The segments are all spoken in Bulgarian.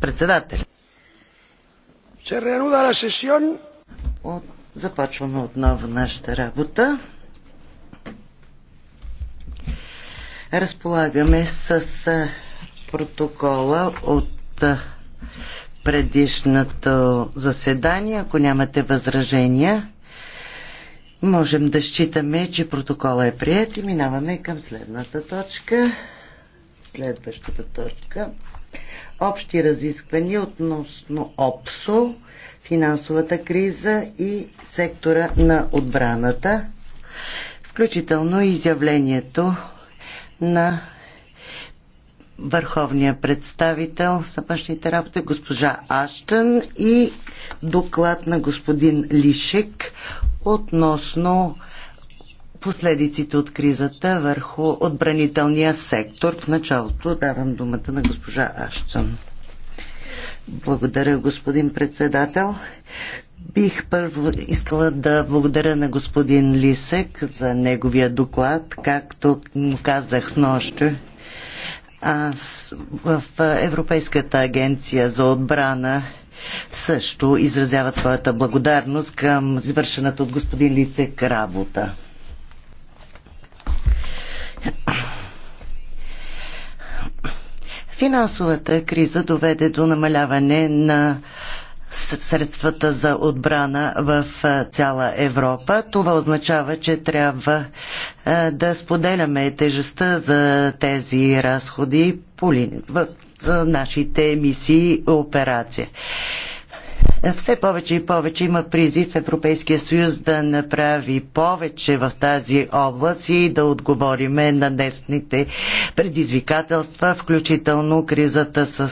Председател. От... Започваме отново нашата работа. Разполагаме с протокола от предишното заседание. Ако нямате възражения, можем да считаме, че протокола е прият и минаваме към следната точка следващата точка. Общи разисквания относно ОПСО, финансовата криза и сектора на отбраната, включително изявлението на върховния представител за външните работи госпожа Аштън и доклад на господин Лишек относно последиците от кризата върху отбранителния сектор. В началото давам думата на госпожа Ашцън. Благодаря, господин председател. Бих първо искала да благодаря на господин Лисек за неговия доклад, както му казах с нощи. Аз в Европейската агенция за отбрана също изразяват своята благодарност към извършената от господин Лицек работа. Финансовата криза доведе до намаляване на средствата за отбрана в цяла Европа. Това означава, че трябва да споделяме тежестта за тези разходи за нашите мисии и операция. Все повече и повече има призив Европейския съюз да направи повече в тази област и да отговориме на днесните предизвикателства, включително кризата с,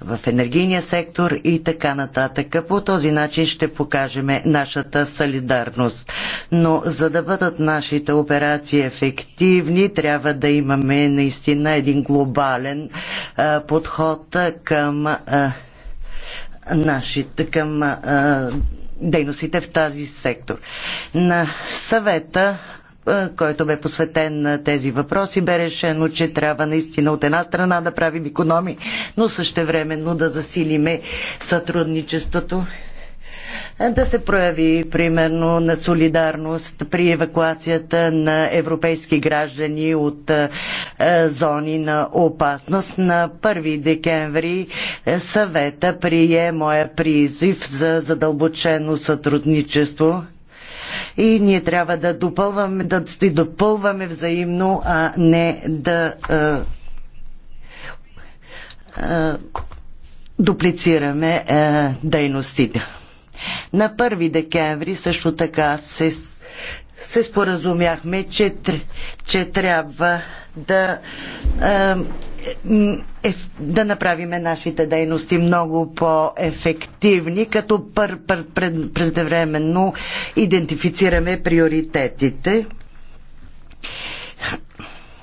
в енергийния сектор и така нататък. По този начин ще покажем нашата солидарност. Но за да бъдат нашите операции ефективни, трябва да имаме наистина един глобален подход към нашите, към а, дейностите в тази сектор. На съвета който бе посветен на тези въпроси, бе решено, че трябва наистина от една страна да правим економи, но същевременно да засилиме сътрудничеството да се прояви примерно на солидарност при евакуацията на европейски граждани от е, зони на опасност. На 1 декември е, съвета прие моя призив за задълбочено сътрудничество и ние трябва да допълваме, да допълваме взаимно, а не да а, е, а, дуплицираме а, дейностите. На 1 декември също така се, се споразумяхме, че, че трябва да, е, да направиме нашите дейности много по-ефективни, като пър, пър, пред, преждевременно идентифицираме приоритетите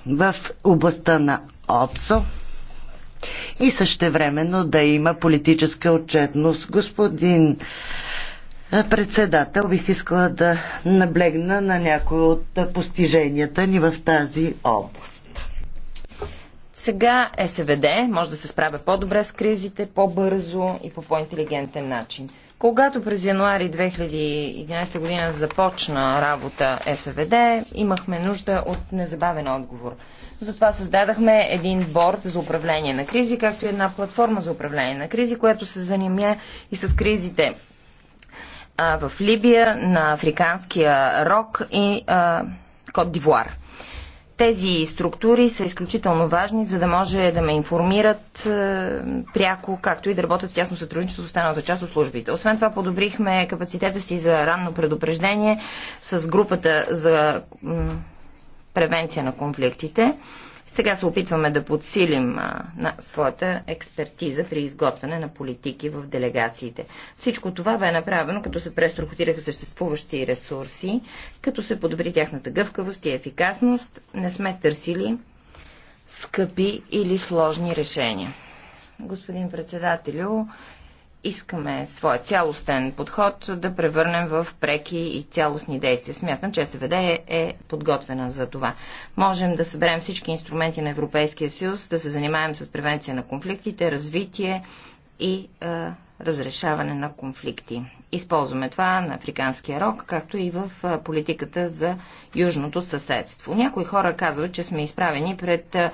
в областта на ОПСО и същевременно да има политическа отчетност. Господин председател, бих искала да наблегна на някои от постиженията ни в тази област. Сега СВД може да се справя по-добре с кризите, по-бързо и по по-интелигентен начин. Когато през януари 2011 година започна работа СВД, имахме нужда от незабавен отговор. Затова създадахме един борт за управление на кризи, както и една платформа за управление на кризи, която се занимя и с кризите а, в Либия, на Африканския рок и а, Кот Дивуар. Тези структури са изключително важни, за да може да ме информират е, пряко, както и да работят в тясно сътрудничество с останалата част от службите. Освен това, подобрихме капацитета си за ранно предупреждение с групата за превенция на конфликтите. Сега се опитваме да подсилим а, на своята експертиза при изготвяне на политики в делегациите. Всичко това бе направено, като се преструхотираха съществуващи ресурси, като се подобри тяхната гъвкавост и ефикасност. Не сме търсили скъпи или сложни решения. Господин председателю, искаме своя цялостен подход да превърнем в преки и цялостни действия. Смятам, че СВД е, е, подготвена за това. Можем да съберем всички инструменти на Европейския съюз, да се занимаем с превенция на конфликтите, развитие и е, разрешаване на конфликти. Използваме това на Африканския рок, както и в е, политиката за южното съседство. Някои хора казват, че сме изправени пред е,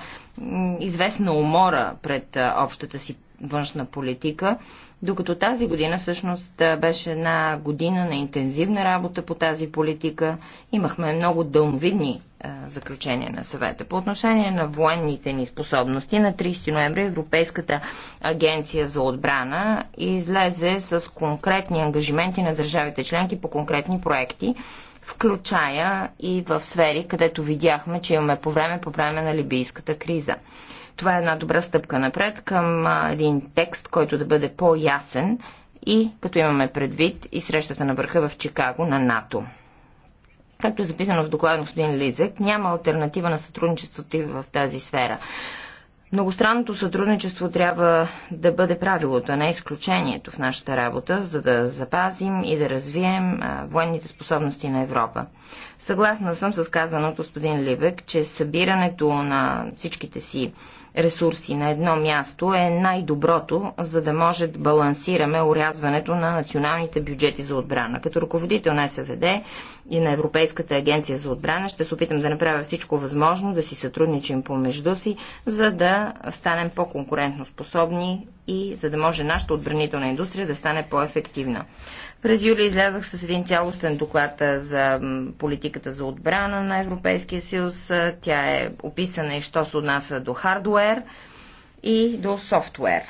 известна умора пред общата си външна политика, докато тази година всъщност беше една година на интензивна работа по тази политика. Имахме много дълновидни заключение на съвета. По отношение на военните ни способности, на 30 ноември Европейската агенция за отбрана излезе с конкретни ангажименти на държавите членки по конкретни проекти, включая и в сфери, където видяхме, че имаме по време, по време на либийската криза. Това е една добра стъпка напред към един текст, който да бъде по-ясен и като имаме предвид и срещата на върха в Чикаго на НАТО. Както е записано в доклада на господин Лизък, няма альтернатива на сътрудничеството в тази сфера. Многостранното сътрудничество трябва да бъде правилото, а не изключението в нашата работа, за да запазим и да развием военните способности на Европа. Съгласна съм с казаното господин Либек, че събирането на всичките си ресурси на едно място е най-доброто, за да може да балансираме урязването на националните бюджети за отбрана. Като ръководител на СВД и на Европейската агенция за отбрана. Ще се опитам да направя всичко възможно, да си сътрудничим помежду си, за да станем по-конкурентно способни и за да може нашата отбранителна индустрия да стане по-ефективна. През юли излязах с един цялостен доклад за политиката за отбрана на Европейския съюз. Тя е описана и що се отнася до хардуер и до софтуер.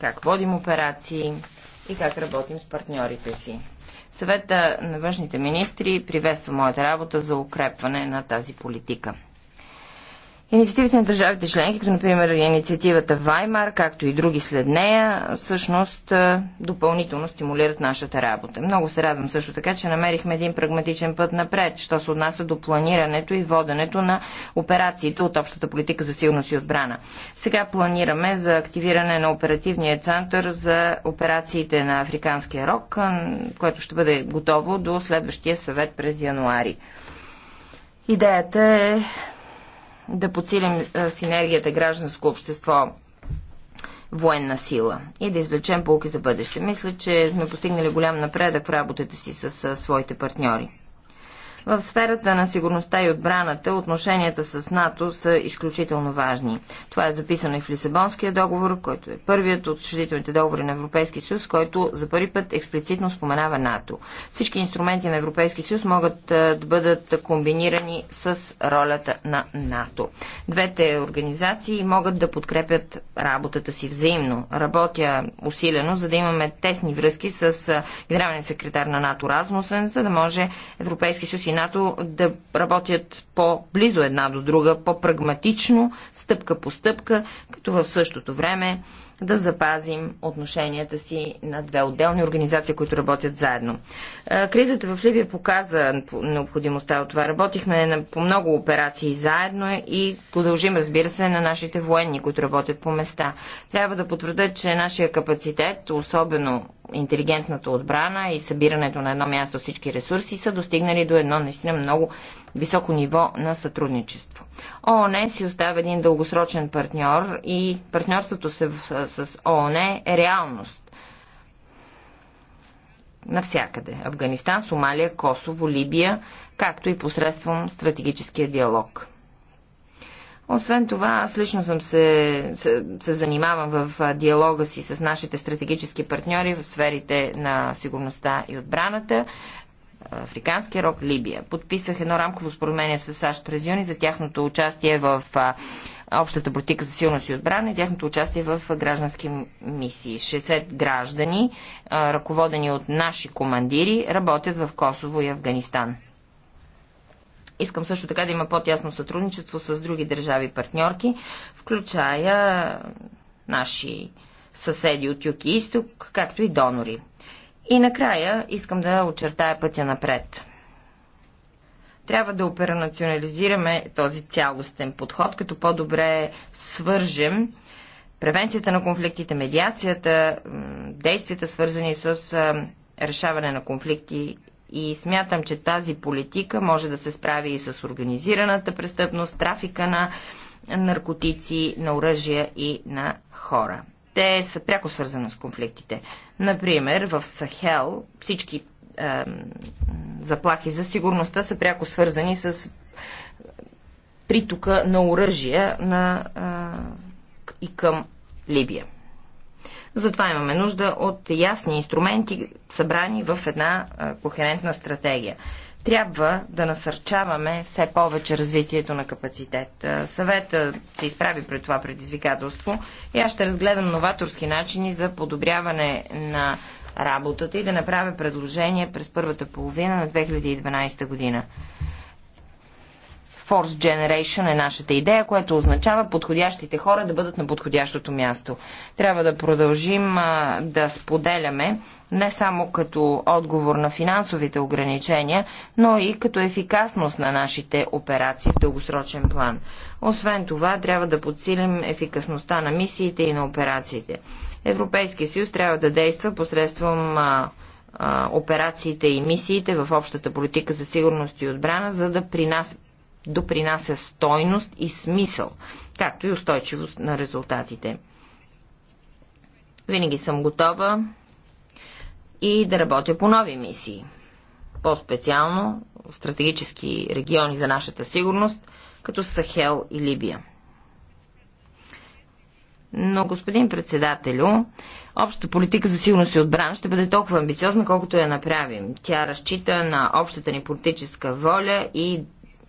Как водим операции и как работим с партньорите си. Съвета на външните министри приветства моята работа за укрепване на тази политика. Инициативите на държавите членки, като например инициативата Ваймар, както и други след нея, всъщност е, допълнително стимулират нашата работа. Много се радвам също така, че намерихме един прагматичен път напред, що се отнася до планирането и воденето на операциите от общата политика за сигурност и отбрана. Сега планираме за активиране на оперативния център за операциите на Африканския рок, е, което ще бъде готово до следващия съвет през януари. Идеята е да подсилим е, синергията гражданско общество военна сила и да извлечем полки за бъдеще. Мисля, че сме постигнали голям напредък в работата си с своите партньори. В сферата на сигурността и отбраната отношенията с НАТО са изключително важни. Това е записано и в Лисабонския договор, който е първият от учредителните договори на Европейски съюз, който за първи път експлицитно споменава НАТО. Всички инструменти на Европейски съюз могат да бъдат комбинирани с ролята на НАТО. Двете организации могат да подкрепят работата си взаимно. Работя усилено, за да имаме тесни връзки с генералния секретар на НАТО Размусен, за да може Европейски съюз и и НАТО да работят по-близо една до друга, по-прагматично, стъпка по стъпка, като в същото време да запазим отношенията си на две отделни организации, които работят заедно. Е, кризата в Либия показа необходимостта от това. Работихме по много операции заедно и продължим, разбира се, на нашите военни, които работят по места. Трябва да потвърда, че нашия капацитет, особено интелигентната отбрана и събирането на едно място всички ресурси са достигнали до едно наистина много високо ниво на сътрудничество. ООН си остава един дългосрочен партньор и партньорството с ООН е реалност. Навсякъде. Афганистан, Сомалия, Косово, Либия, както и посредством стратегическия диалог. Освен това, аз лично съм се, се, се занимавам в диалога си с нашите стратегически партньори в сферите на сигурността и отбраната. Африканския рок Либия. Подписах едно рамково споразумение с САЩ през юни за тяхното участие в общата политика за силност и отбрана и тяхното участие в граждански мисии. 60 граждани, ръководени от наши командири, работят в Косово и Афганистан. Искам също така да има по-тясно сътрудничество с други държави партньорки, включая наши съседи от юг и изток, както и донори. И накрая искам да очертая пътя напред. Трябва да операционализираме този цялостен подход, като по-добре свържем превенцията на конфликтите, медиацията, действията свързани с решаване на конфликти и смятам, че тази политика може да се справи и с организираната престъпност, трафика на наркотици, на оръжия и на хора. Те са пряко свързани с конфликтите. Например, в Сахел всички е, заплахи за сигурността са пряко свързани с притока на оръжия на, е, и към Либия. Затова имаме нужда от ясни инструменти, събрани в една кохерентна стратегия. Трябва да насърчаваме все повече развитието на капацитет. Съвета се изправи пред това предизвикателство и аз ще разгледам новаторски начини за подобряване на работата и да направя предложение през първата половина на 2012 година. Force Generation е нашата идея, което означава подходящите хора да бъдат на подходящото място. Трябва да продължим а, да споделяме не само като отговор на финансовите ограничения, но и като ефикасност на нашите операции в дългосрочен план. Освен това, трябва да подсилим ефикасността на мисиите и на операциите. Европейския съюз трябва да действа посредством а, операциите и мисиите в общата политика за сигурност и отбрана, за да принас, допринася стойност и смисъл, както и устойчивост на резултатите. Винаги съм готова и да работя по нови мисии. По-специално в стратегически региони за нашата сигурност, като Сахел и Либия. Но, господин председателю, общата политика за сигурност и отбрана ще бъде толкова амбициозна, колкото я направим. Тя разчита на общата ни политическа воля и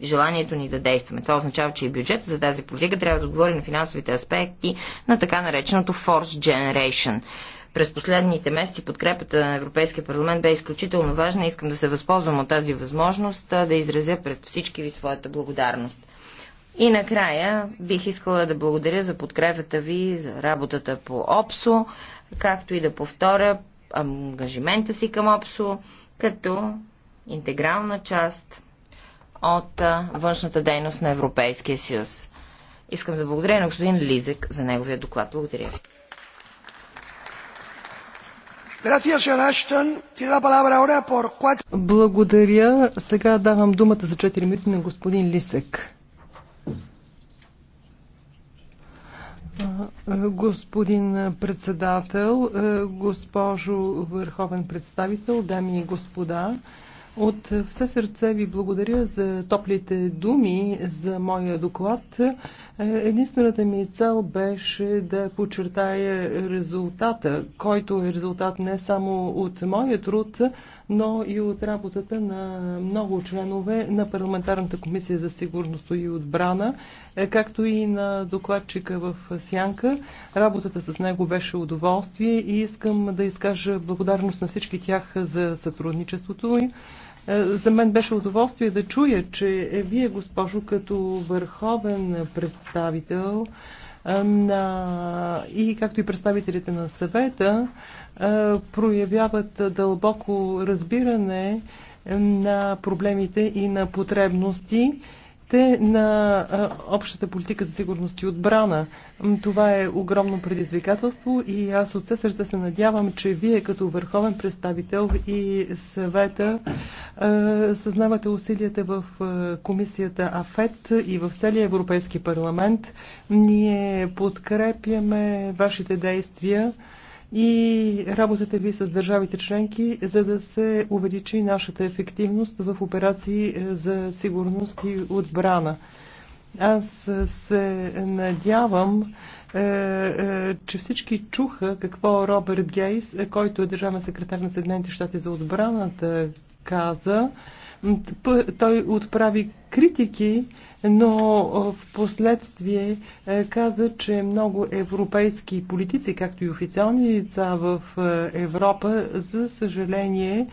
желанието ни да действаме. Това означава, че и бюджет за тази политика трябва да отговори на финансовите аспекти на така нареченото Force Generation. През последните месеци подкрепата на Европейския парламент бе изключително важна. Искам да се възползвам от тази възможност да изразя пред всички ви своята благодарност. И накрая бих искала да благодаря за подкрепата ви, за работата по ОПСО, както и да повторя ангажимента си към ОПСО като интегрална част от външната дейност на Европейския съюз. Искам да благодаря на господин Лизек за неговия доклад. Благодаря ви. Благодаря. Сега давам думата за 4 минути на господин Лисек. Господин председател, госпожо върховен представител, дами и господа, от все сърце ви благодаря за топлите думи за моя доклад. Е, единствената ми цел беше да подчертая резултата, който е резултат не само от моя труд, но и от работата на много членове на Парламентарната комисия за сигурност и отбрана, е, както и на докладчика в Сянка. Работата с него беше удоволствие и искам да изкажа благодарност на всички тях за сътрудничеството им. Е, за мен беше удоволствие да чуя, че е вие, госпожо, като върховен представител на, и както и представителите на съвета, е, проявяват дълбоко разбиране на проблемите и на потребности те на общата политика за сигурност и отбрана. Това е огромно предизвикателство и аз от все сърце се надявам, че вие като върховен представител и съвета съзнавате усилията в комисията АФЕТ и в целия Европейски парламент. Ние подкрепяме вашите действия и работата ви с държавите членки, за да се увеличи нашата ефективност в операции е, за сигурност и отбрана. Аз е, се надявам, е, че всички чуха какво Робърт Гейс, който е държавен секретар на Съединените щати за отбраната, каза, той отправи критики, но в последствие каза, че много европейски политици, както и официални лица в Европа, за съжаление,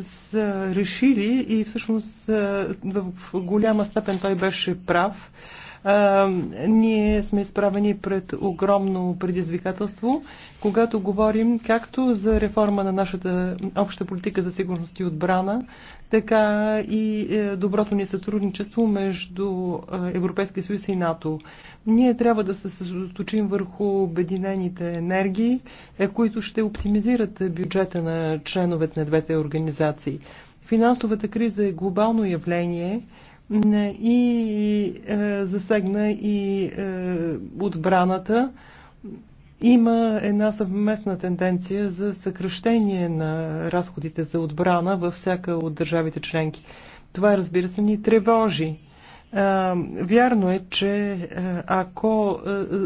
са решили и всъщност в голяма степен той беше прав ние сме изправени пред огромно предизвикателство, когато говорим както за реформа на нашата обща политика за сигурност и отбрана, така и е, доброто ни сътрудничество между е, Европейския съюз и НАТО. Ние трябва да се съсредоточим върху обединените енергии, е, които ще оптимизират бюджета на членовете на двете организации. Финансовата криза е глобално явление и е, засегна и е, отбраната. Има една съвместна тенденция за съкръщение на разходите за отбрана във всяка от държавите членки. Това, разбира се, ни тревожи. Е, вярно е, че ако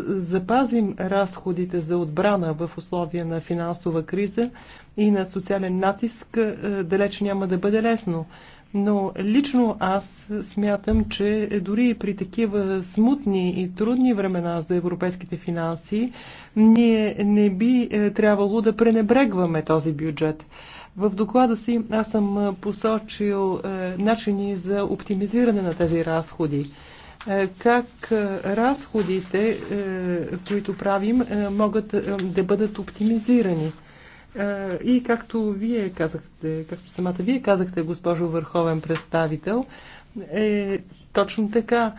запазим разходите за отбрана в условия на финансова криза и на социален натиск, далеч няма да бъде лесно. Но лично аз смятам, че дори при такива смутни и трудни времена за европейските финанси, ние не би е, трябвало да пренебрегваме този бюджет. В доклада си аз съм посочил е, начини за оптимизиране на тези разходи е, как разходите, които правим, могат да бъдат оптимизирани. И както вие казахте, както самата вие казахте, госпожо Върховен представител, е точно така,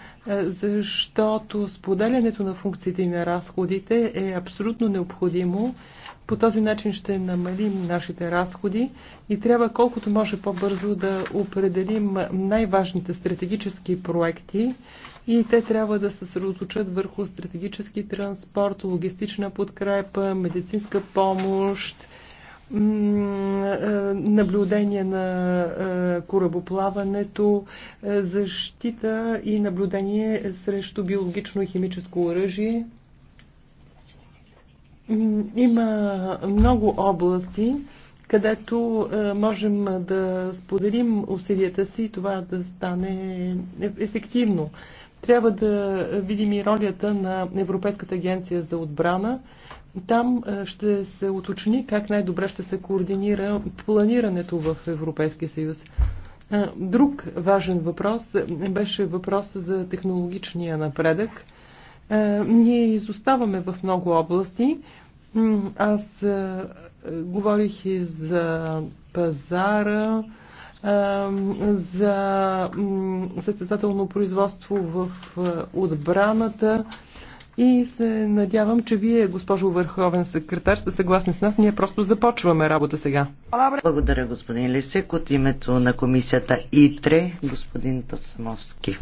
защото споделянето на функциите и на разходите е абсолютно необходимо. По този начин ще намалим нашите разходи и трябва колкото може по-бързо да определим най-важните стратегически проекти и те трябва да се съсредоточат върху стратегически транспорт, логистична подкрепа, медицинска помощ, е, наблюдение на е, корабоплаването, е, защита и наблюдение срещу биологично и химическо оръжие. Има много области, където можем да споделим усилията си и това да стане ефективно. Трябва да видим и ролята на Европейската агенция за отбрана – там е, ще се уточни как най-добре ще се координира планирането в Европейския съюз. Е, друг важен въпрос е, беше въпрос за технологичния напредък. Ние изоставаме в много области. Аз говорих и за пазара, за състезателно производство в отбраната, и се надявам, че вие, госпожо Върховен секретар, сте съгласни с нас. Ние просто започваме работа сега. Благодаря, господин Лисек. От името на комисията ИТРЕ, господин Тосмовски.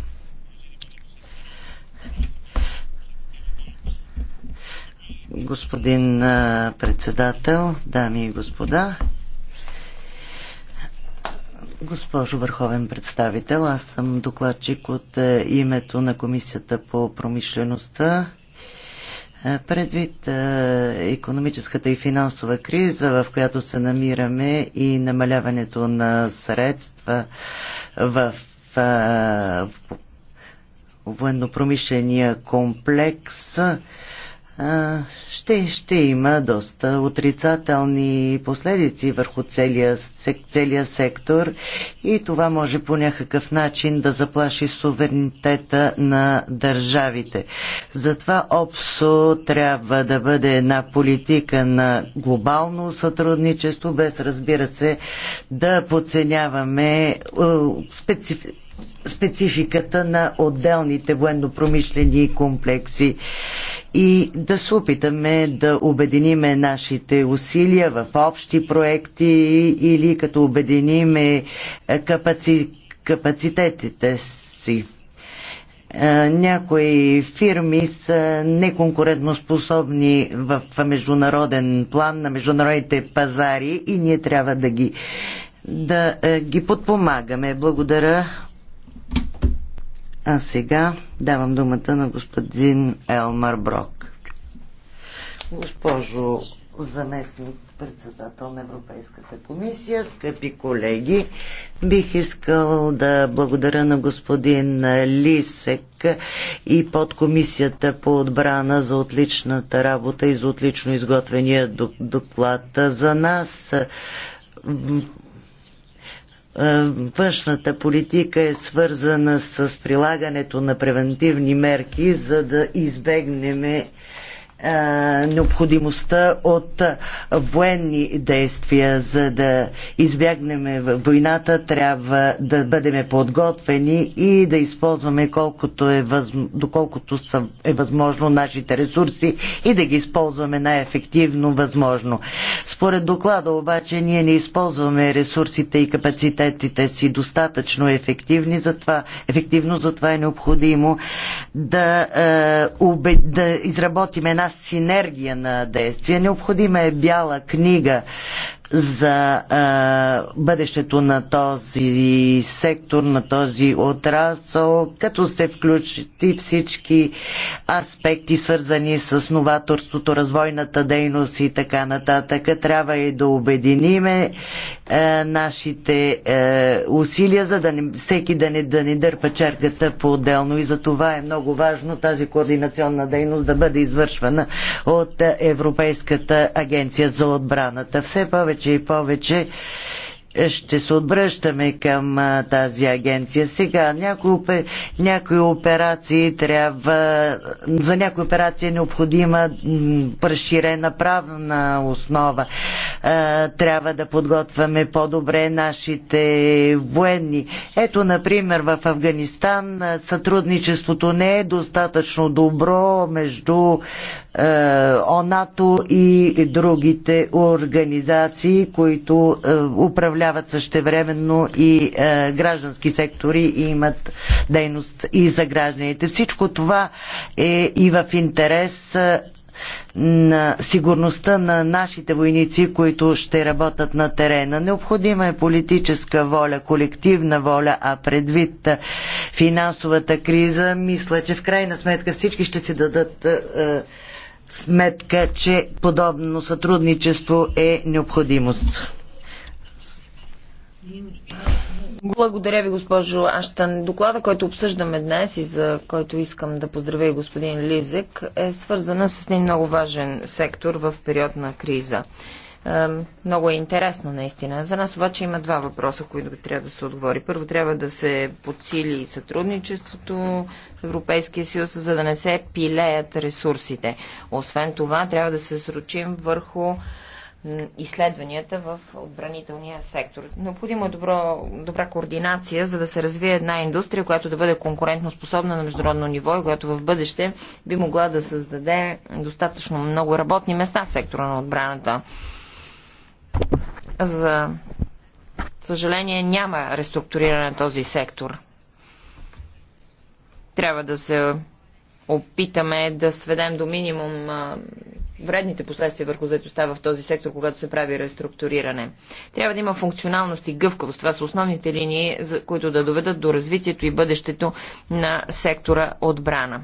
Господин председател, дами и господа, Госпожо Върховен представител, аз съм докладчик от името на Комисията по промишлеността, Предвид економическата и финансова криза, в която се намираме и намаляването на средства в, военно-промишления комплекс, ще, ще има доста отрицателни последици върху целия, целия сектор и това може по някакъв начин да заплаши суверенитета на държавите. Затова ОПСО трябва да бъде една политика на глобално сътрудничество, без разбира се да подценяваме специфично спецификата на отделните военно-промишлени комплекси и да се опитаме да обединиме нашите усилия в общи проекти или като обединиме е, капаци... капацитетите си е, някои фирми са неконкурентоспособни в международен план на международните пазари и ние трябва да ги, да е, ги подпомагаме. Благодаря. А сега давам думата на господин Елмар Брок. Госпожо заместник председател на Европейската комисия, скъпи колеги, бих искал да благодаря на господин Лисек и подкомисията по отбрана за отличната работа и за отлично изготвения доклад. За нас е, външната политика е свързана с прилагането на превентивни мерки, за да избегнем е, необходимостта от военни действия, за да избягнем войната, трябва да бъдем подготвени и да използваме колкото е възм... доколкото е възможно нашите ресурси и да ги използваме най-ефективно възможно. Според доклада обаче ние не използваме ресурсите и капацитетите си достатъчно ефективни, затова, ефективно, затова е необходимо да, е, да изработим една синергия на действия. Необходима е бяла книга за а, бъдещето на този сектор, на този отрасъл, като се включат и всички аспекти, свързани с новаторството, развойната дейност и така нататък. Трябва и да обединиме е, нашите е, усилия, за да не, всеки да не, да не дърпа черката по-отделно и за това е много важно тази координационна дейност да бъде извършвана от Европейската агенция за отбраната. Все повече и повече е, ще се обръщаме към а, тази агенция. Сега някои, някои операции трябва, за някои операции е необходима разширена правна основа. А, трябва да подготвяме по-добре нашите военни. Ето, например, в Афганистан сътрудничеството не е достатъчно добро между а, ОНАТО и другите организации, които управляват управляват същевременно и е, граждански сектори и имат дейност и за гражданите. Всичко това е и в интерес е, на сигурността на нашите войници, които ще работят на терена. Необходима е политическа воля, колективна воля, а предвид е, финансовата криза, мисля, че в крайна сметка всички ще си дадат е, е сметка, че подобно сътрудничество е необходимост. Благодаря ви, госпожо Аштан. Доклада, който обсъждаме днес и за който искам да поздравя и господин Лизек, е свързана с един много важен сектор в период на криза. Много е интересно, наистина. За нас обаче има два въпроса, които трябва да се отговори. Първо, трябва да се подсили сътрудничеството в Европейския съюз, за да не се пилеят ресурсите. Освен това, трябва да се срочим върху изследванията в отбранителния сектор. Необходима е добро, добра координация, за да се развие една индустрия, която да бъде конкурентно способна на международно ниво и която в бъдеще би могла да създаде достатъчно много работни места в сектора на отбраната. За съжаление няма реструктуриране на този сектор. Трябва да се опитаме да сведем до минимум вредните последствия върху заедостта в този сектор, когато се прави реструктуриране. Трябва да има функционалност и гъвкавост. Това са основните линии, за които да доведат до развитието и бъдещето на сектора отбрана.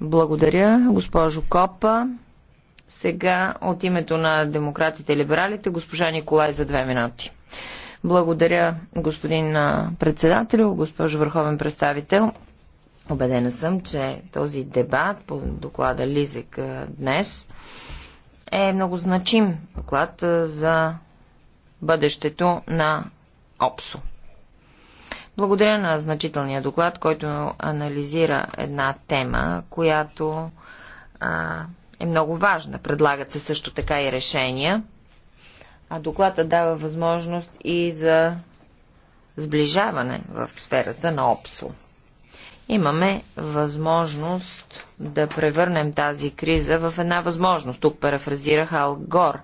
Благодаря, госпожо Копа. Сега от името на демократите и либералите, госпожа Николай за две минути. Благодаря, господин председател, госпожо върховен представител. Обедена съм, че този дебат по доклада Лизек днес е много значим доклад за бъдещето на ОПСО. Благодаря на значителния доклад, който анализира една тема, която а, е много важна. Предлагат се също така и решения. А доклада дава възможност и за сближаване в сферата на ОПСО имаме възможност да превърнем тази криза в една възможност. Тук парафразирах Ал Гор.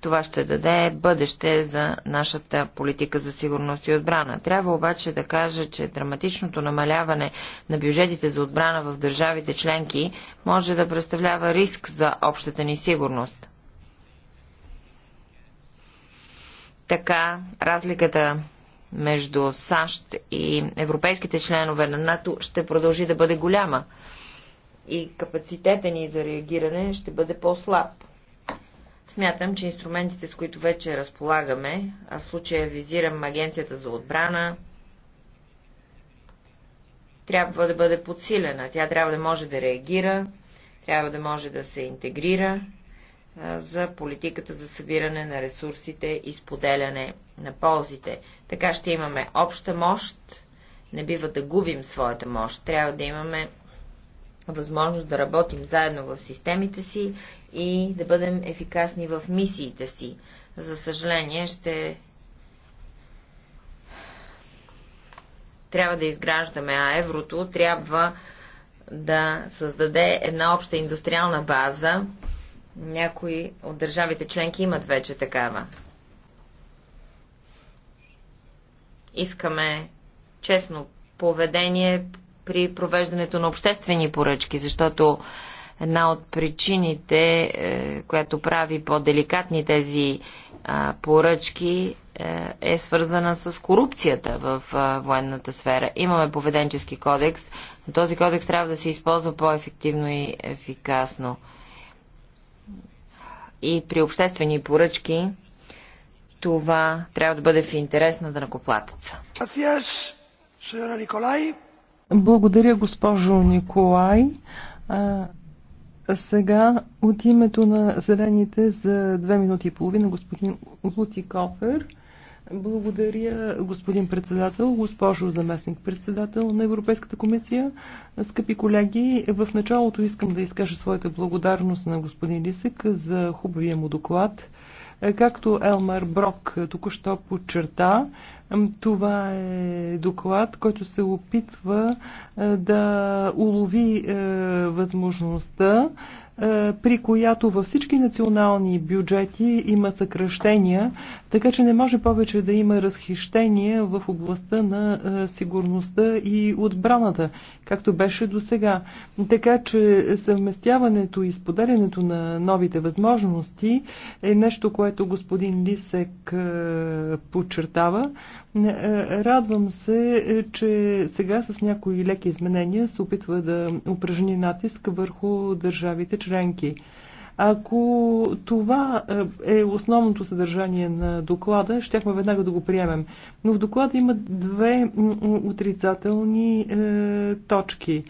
Това ще даде бъдеще за нашата политика за сигурност и отбрана. Трябва обаче да кажа, че драматичното намаляване на бюджетите за отбрана в държавите членки може да представлява риск за общата ни сигурност. Така, разликата между САЩ и европейските членове на НАТО ще продължи да бъде голяма и капацитета ни за реагиране ще бъде по-слаб. Смятам, че инструментите, с които вече разполагаме, а в случая визирам Агенцията за отбрана, трябва да бъде подсилена. Тя трябва да може да реагира, трябва да може да се интегрира за политиката за събиране на ресурсите и споделяне на ползите. Така ще имаме обща мощ, не бива да губим своята мощ. Трябва да имаме възможност да работим заедно в системите си и да бъдем ефикасни в мисиите си. За съжаление, ще трябва да изграждаме, а еврото трябва да създаде една обща индустриална база. Някои от държавите членки имат вече такава. Искаме честно поведение при провеждането на обществени поръчки, защото една от причините, е, която прави по-деликатни тези поръчки, е, е свързана с корупцията в военната сфера. Имаме поведенчески кодекс, но този кодекс трябва да се използва по-ефективно и ефикасно. И при обществени поръчки това трябва да бъде в интерес на дънакоплатеца. Благодаря, госпожо Николай. А, сега от името на зелените за две минути и половина господин Лути Кофер. Благодаря, господин председател, госпожо заместник председател на Европейската комисия. Скъпи колеги, в началото искам да изкажа своята благодарност на господин Лисек за хубавия му доклад. Както Елмар Брок току-що подчерта, това е доклад, който се опитва да улови е, възможността е, при която във всички национални бюджети има съкръщения, така че не може повече да има разхищение в областта на е, сигурността и отбраната, както беше до сега. Така че съвместяването и споделянето на новите възможности е нещо, което господин Лисек е, подчертава. Е, радвам се, е, че сега с някои леки изменения се опитва да упражни натиск върху държавите членки. Ако това е, е основното съдържание на доклада, щяхме веднага да го приемем. Но в доклада има две отрицателни точки.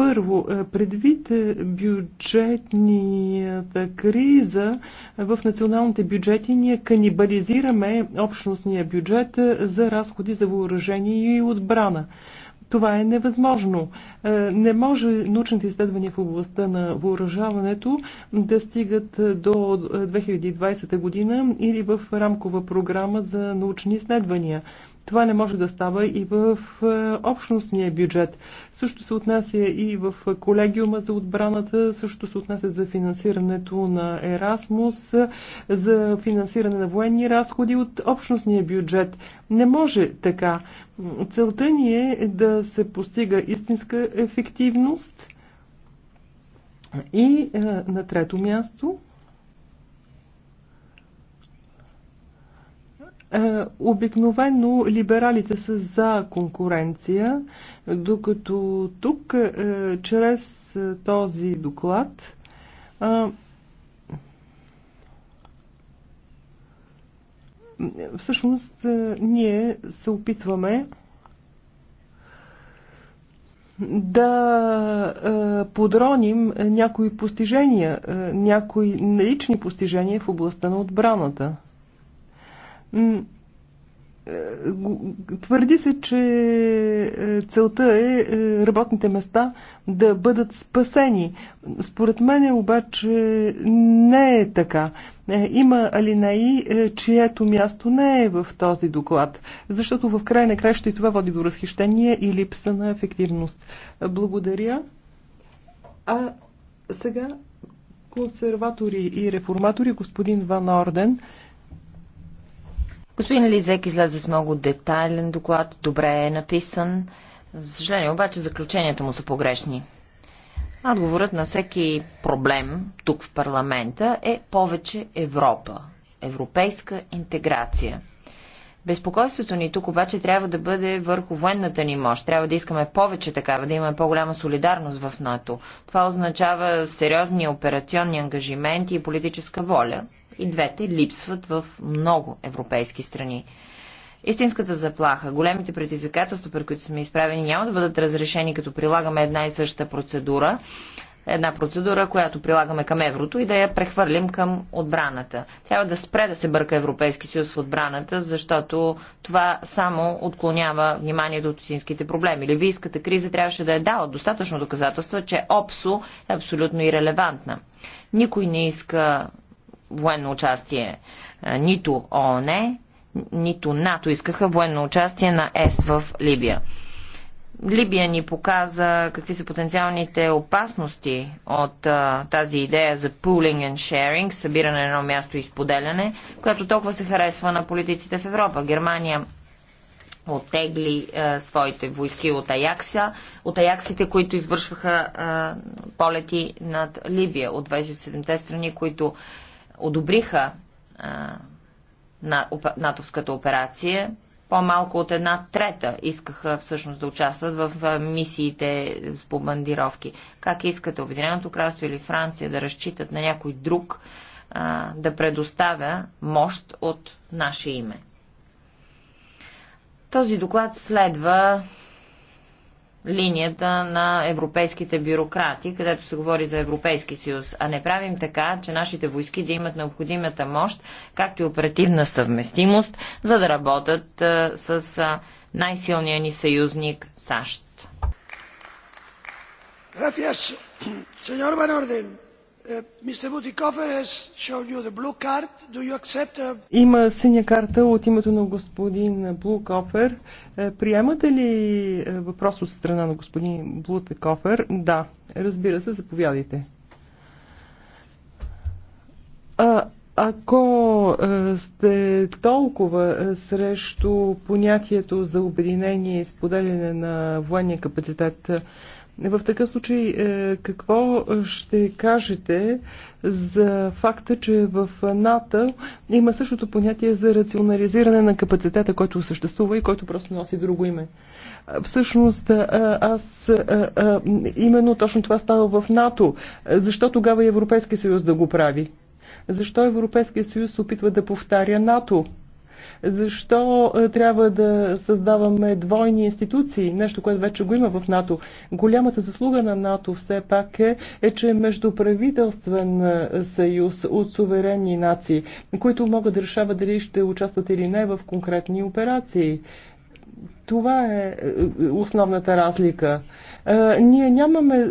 Първо, е, предвид е, бюджетната е, криза в националните бюджети, ние канибализираме общностния бюджет за разходи за въоръжение и отбрана. Това е невъзможно. Не може научните изследвания в областта на въоръжаването да стигат до 2020 година или в рамкова програма за научни изследвания. Това не може да става и в е, общностния бюджет. Също се отнася и в колегиума за отбраната, също се отнася за финансирането на Ерасмус, за финансиране на военни разходи от общностния бюджет. Не може така. Целта ни е да се постига истинска ефективност. И е, на трето място Е, обикновено либералите са за конкуренция, докато тук, е, чрез е, този доклад, всъщност ние се опитваме да подроним някои постижения, някои налични постижения в областта на отбраната. Е, твърди се, че е, целта е, е работните места да бъдат спасени. Според мен обаче не е така. Има алинаи, чието място не е в този доклад, защото в край на краща и това води до разхищение и липса на ефективност. Благодаря. А сега консерватори и реформатори, господин Ван Орден, Господин Лизек излезе с много детайлен доклад, добре е написан. За съжаление, обаче заключенията му са погрешни. Отговорът на всеки проблем тук в парламента е повече Европа, европейска интеграция. Безпокойството ни тук обаче трябва да бъде върху военната ни мощ. Трябва да искаме повече такава, да имаме по-голяма солидарност в НАТО. Това означава сериозни операционни ангажименти и политическа воля. И двете липсват в много европейски страни. Истинската заплаха, големите предизвикателства, при които сме изправени, няма да бъдат разрешени, като прилагаме една и съща процедура. Една процедура, която прилагаме към еврото и да я прехвърлим към отбраната. Трябва да спре да се бърка Европейски съюз в отбраната, защото това само отклонява вниманието от истинските проблеми. Ливийската криза трябваше да е дала достатъчно доказателства, че ОПСО е абсолютно ирелевантна. Никой не иска военно участие. Нито ООН, нито НАТО искаха военно участие на ЕС в Либия. Либия ни показа какви са потенциалните опасности от а, тази идея за pooling and sharing, събиране на едно място и споделяне, която толкова се харесва на политиците в Европа. Германия оттегли а, своите войски от Аякса, от Аяксите, които извършваха а, полети над Либия, от 27-те страни, които одобриха натовската операция, по-малко от една трета искаха всъщност да участват в мисиите с побандировки. Как искате Обединеното кралство или Франция да разчитат на някой друг а, да предоставя мощ от наше име? Този доклад следва линията на европейските бюрократи, където се говори за Европейски съюз, а не правим така, че нашите войски да имат необходимата мощ, както и оперативна съвместимост, за да работят с най-силния ни съюзник САЩ. Gracias, señor Van Orden. Има синя карта от името на господин Блукофер. Е, приемате ли е, въпрос от страна на господин Блукофер? Да, разбира се, заповядайте. А, ако е, сте толкова срещу понятието за обединение и споделяне на военния капацитет, в такъв случай, е, какво ще кажете за факта, че в НАТО има същото понятие за рационализиране на капацитета, който съществува и който просто носи друго име? Всъщност, е, аз е, именно точно това става в НАТО. Защо тогава Европейския съюз да го прави? Защо Европейския съюз опитва да повтаря НАТО? Защо е, трябва да създаваме двойни институции, нещо, което вече го има в НАТО? Голямата заслуга на НАТО все пак е, е че е междуправителствен е, съюз от суверенни нации, които могат да решават дали ще участват или не в конкретни операции. Това е, е основната разлика. Ние нямаме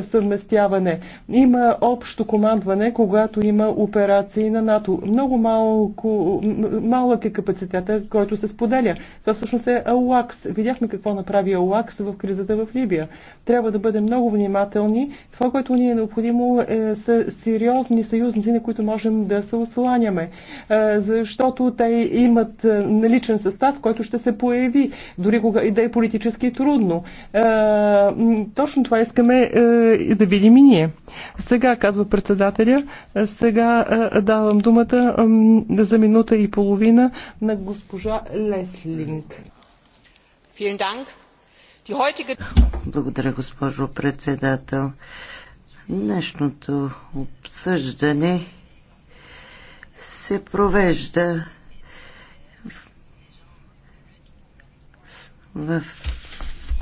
съвместяване. Има общо командване, когато има операции на НАТО. Много малко, малък е капацитета, който се споделя. Това всъщност е АЛАКС. Видяхме какво направи АЛАКС в кризата в Либия. Трябва да бъдем много внимателни. Това, което ни е необходимо, е, са сериозни съюзници, на които можем да се осланяме. Защото те имат е, наличен състав, който ще се появи, дори кога и да е политически трудно точно това искаме е, да видим и ние. Сега, казва председателя, е, сега е, давам думата за минута и половина на госпожа Леслинг. Благодаря, госпожо председател. Днешното обсъждане се провежда в, в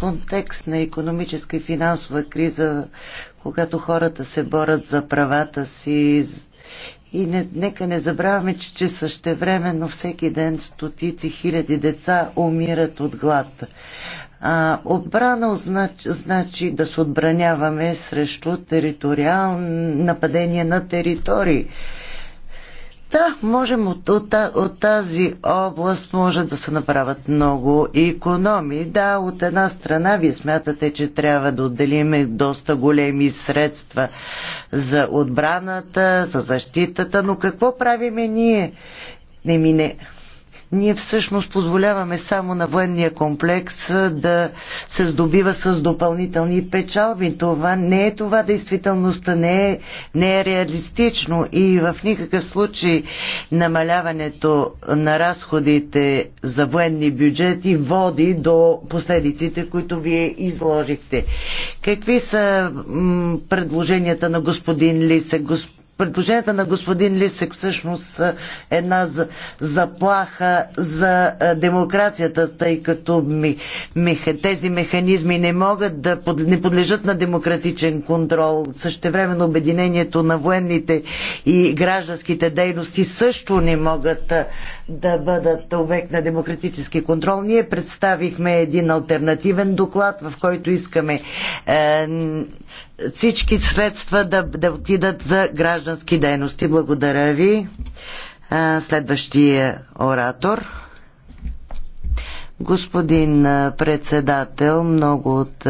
контекст на економическа и финансова криза, когато хората се борят за правата си и не, нека не забравяме, че, че същевременно всеки ден стотици хиляди деца умират от глад. А, отбрана значи, значи да се отбраняваме срещу териториално нападение на територии. Да, можем от, от, от тази област може да се направят много економии. Да, от една страна вие смятате, че трябва да отделиме доста големи средства за отбраната, за защитата, но какво правиме ние? Не мине ние всъщност позволяваме само на военния комплекс да се здобива с допълнителни печалби. Това не е това действителността, не е, не е реалистично и в никакъв случай намаляването на разходите за военни бюджети води до последиците, които вие изложихте. Какви са предложенията на господин Лисе? Госп предложенията на господин Лисек всъщност са една заплаха за демокрацията, тъй като тези механизми не могат да не подлежат на демократичен контрол. Същевременно обединението на военните и гражданските дейности също не могат да бъдат обект на демократически контрол. Ние представихме един альтернативен доклад, в който искаме е, всички средства да, да отидат за граждански дейности. Благодаря ви. Следващия оратор. Господин председател, много от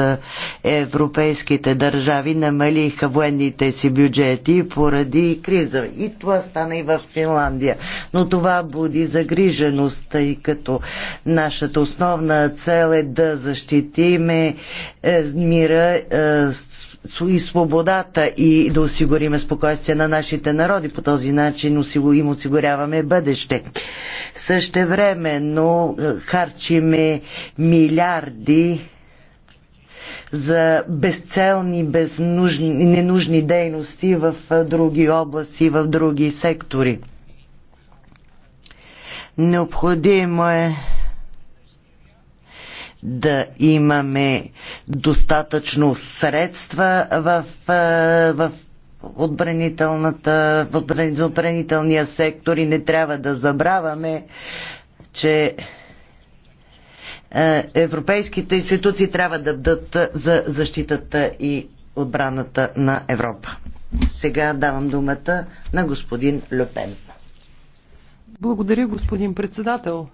европейските държави намалиха военните си бюджети поради криза. И това стана и в Финландия. Но това буди загриженост, тъй като нашата основна цел е да защитиме е, мира, е, и свободата и да осигуриме спокойствие на нашите народи. По този начин им осигуряваме бъдеще. но е, харчиме милиарди за безцелни, безнужни, ненужни дейности в е, други области, в други сектори. Необходимо е да имаме достатъчно средства в, в отбранителната, в отбранителния сектор и не трябва да забравяме, че европейските институции трябва да бъдат за защитата и отбраната на Европа. Сега давам думата на господин Люпен. Благодаря, господин председател.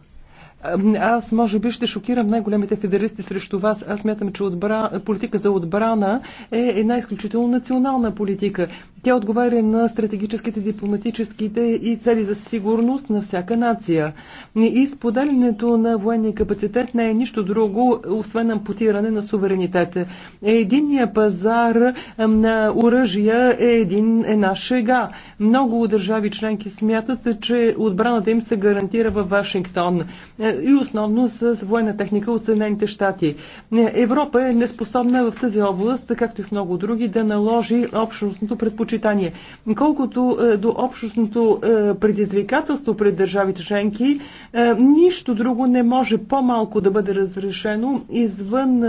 Аз може би ще шокирам най-големите федералисти срещу вас. Аз мятам, че отбра... политика за отбрана е една изключително национална политика. Тя отговаря на стратегическите, дипломатическите и цели за сигурност на всяка нация. И споделянето на военния капацитет не е нищо друго, освен ампутиране на суверенитета. Единния пазар на оръжия е един една шега. Много държави членки смятат, че отбраната им се гарантира във Вашингтон е, и основно с военна техника от Съединените щати. Е, Европа е неспособна в тази област, както и в много други, да наложи общностното предпочитание почитание. Колкото е, до общностното е, предизвикателство пред държавите членки, е, нищо друго не може по-малко да бъде разрешено извън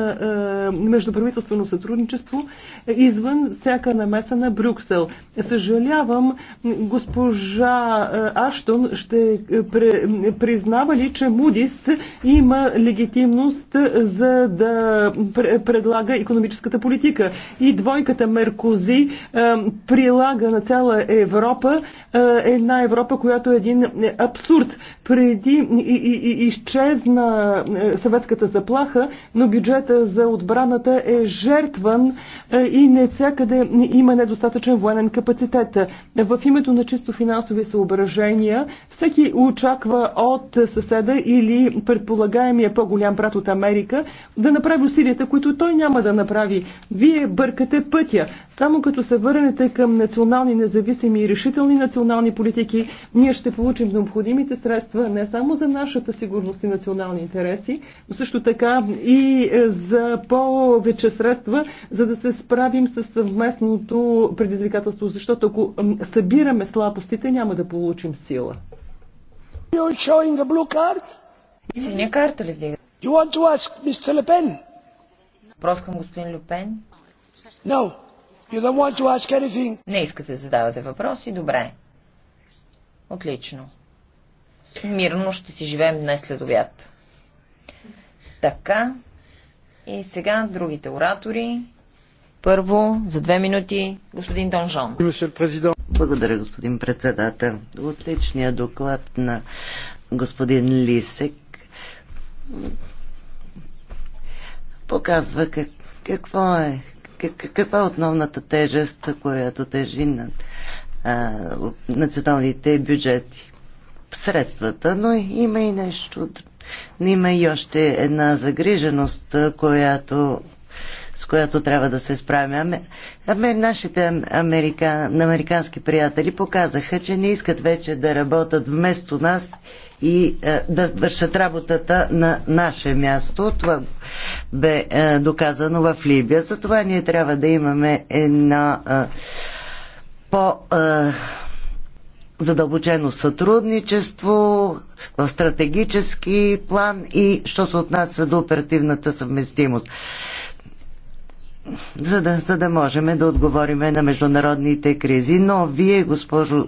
междуправителствено сътрудничество, извън всяка намеса на Брюксел. Съжалявам, госпожа Аштон ще признава ли, че Мудис има легитимност за да предлага економическата политика. И двойката Меркози прилага на цяла Европа е, е една Европа, която е един абсурд. Преди изчезна е, съветската заплаха, но бюджета за отбраната е жертван и не всякъде има недостатъчен военен капацитет. В името на чисто финансови съображения, всеки очаква от съседа или предполагаемия по-голям брат от Америка да направи усилията, които той няма да направи. Вие бъркате пътя. Само като се върнете към към национални, независими и решителни национални политики, ние ще получим необходимите средства не само за нашата сигурност и национални интереси, но също така и е, за повече средства, за да се справим с съвместното предизвикателство, защото ако събираме слабостите, няма да получим сила. Синя карта ли вдига? You want to ask Mr. Le Pen? Въпрос към господин Люпен? No. Не искате да задавате въпроси? Добре. Отлично. Мирно ще си живеем днес след обяд. Така. И сега другите оратори. Първо, за две минути, господин Донжон. Благодаря, господин председател. Отличният доклад на господин Лисек показва как, какво е, каква е основната тежест, която тежи на а, националните бюджети? Средствата, но има и нещо. Има и още една загриженост, която с която трябва да се справим. Аме, нашите америка, американски приятели показаха, че не искат вече да работят вместо нас и е, да вършат работата на наше място. Това бе е, доказано в Либия. Затова ние трябва да имаме една е, по. Е, задълбочено сътрудничество в стратегически план и що се отнася до оперативната съвместимост за да, за да можем да отговориме на международните кризи. Но вие, госпожо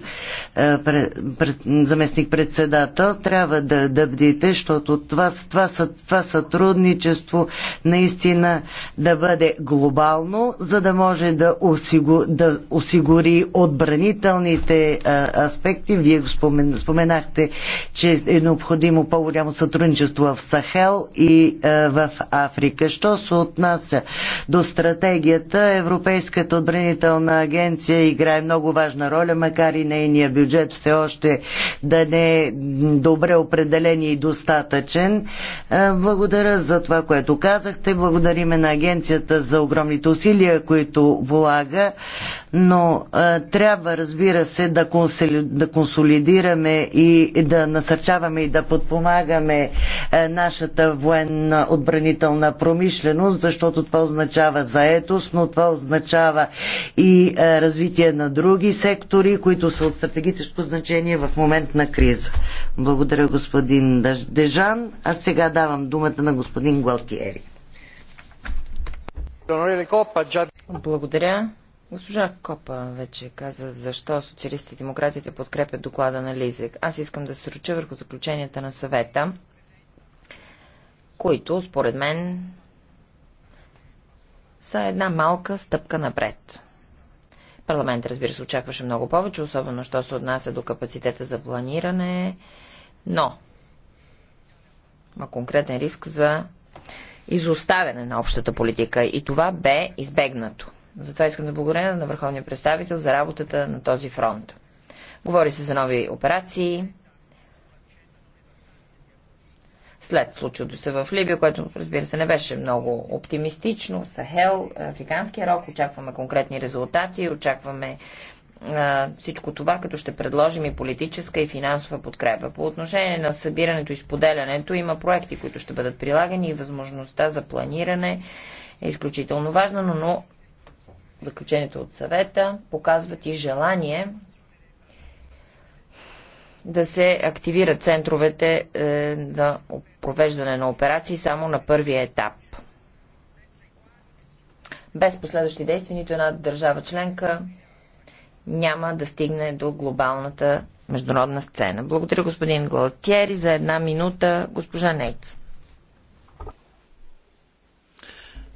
е, пре, пре, заместник-председател, трябва да, да бдите, защото това, това, това, това сътрудничество наистина да бъде глобално, за да може да, осигу, да осигури отбранителните е, аспекти. Вие го спомен, споменахте, че е необходимо по-голямо сътрудничество в Сахел и е, в Африка. Що се отнася до страната, стратегията, Европейската отбранителна агенция играе много важна роля, макар и нейния бюджет все още да не е добре определен и достатъчен. Е, благодаря за това, което казахте. Благодариме на агенцията за огромните усилия, които полага, но е, трябва, разбира се, да, да консолидираме и да насърчаваме и да подпомагаме е, нашата военна отбранителна промишленост, защото това означава заетост, но това означава и е, развитие на други сектори, които са от стратегическо значение в момент на криза. Благодаря господин Дежан. А сега давам думата на господин Гуалтиери. Благодаря. Госпожа Копа вече каза защо социалистите и демократите подкрепят доклада на Лизек. Аз искам да се руча върху заключенията на съвета, които, според мен, са една малка стъпка напред. Парламент, разбира се, очакваше много повече, особено що се отнася до капацитета за планиране, но има конкретен риск за изоставяне на общата политика и това бе избегнато. Затова искам да благодаря на върховния представител за работата на този фронт. Говори се за нови операции, след случилото се в Либия, което разбира се не беше много оптимистично. Сахел, Африканския рок, очакваме конкретни резултати, очакваме а, всичко това, като ще предложим и политическа и финансова подкрепа. По отношение на събирането и споделянето има проекти, които ще бъдат прилагани и възможността за планиране е изключително важна, но, но заключението от съвета показват и желание да се активират центровете за е, провеждане на операции само на първия етап. Без последващи действия нито една държава членка няма да стигне до глобалната международна сцена. Благодаря господин Галтиери за една минута. Госпожа Нейц.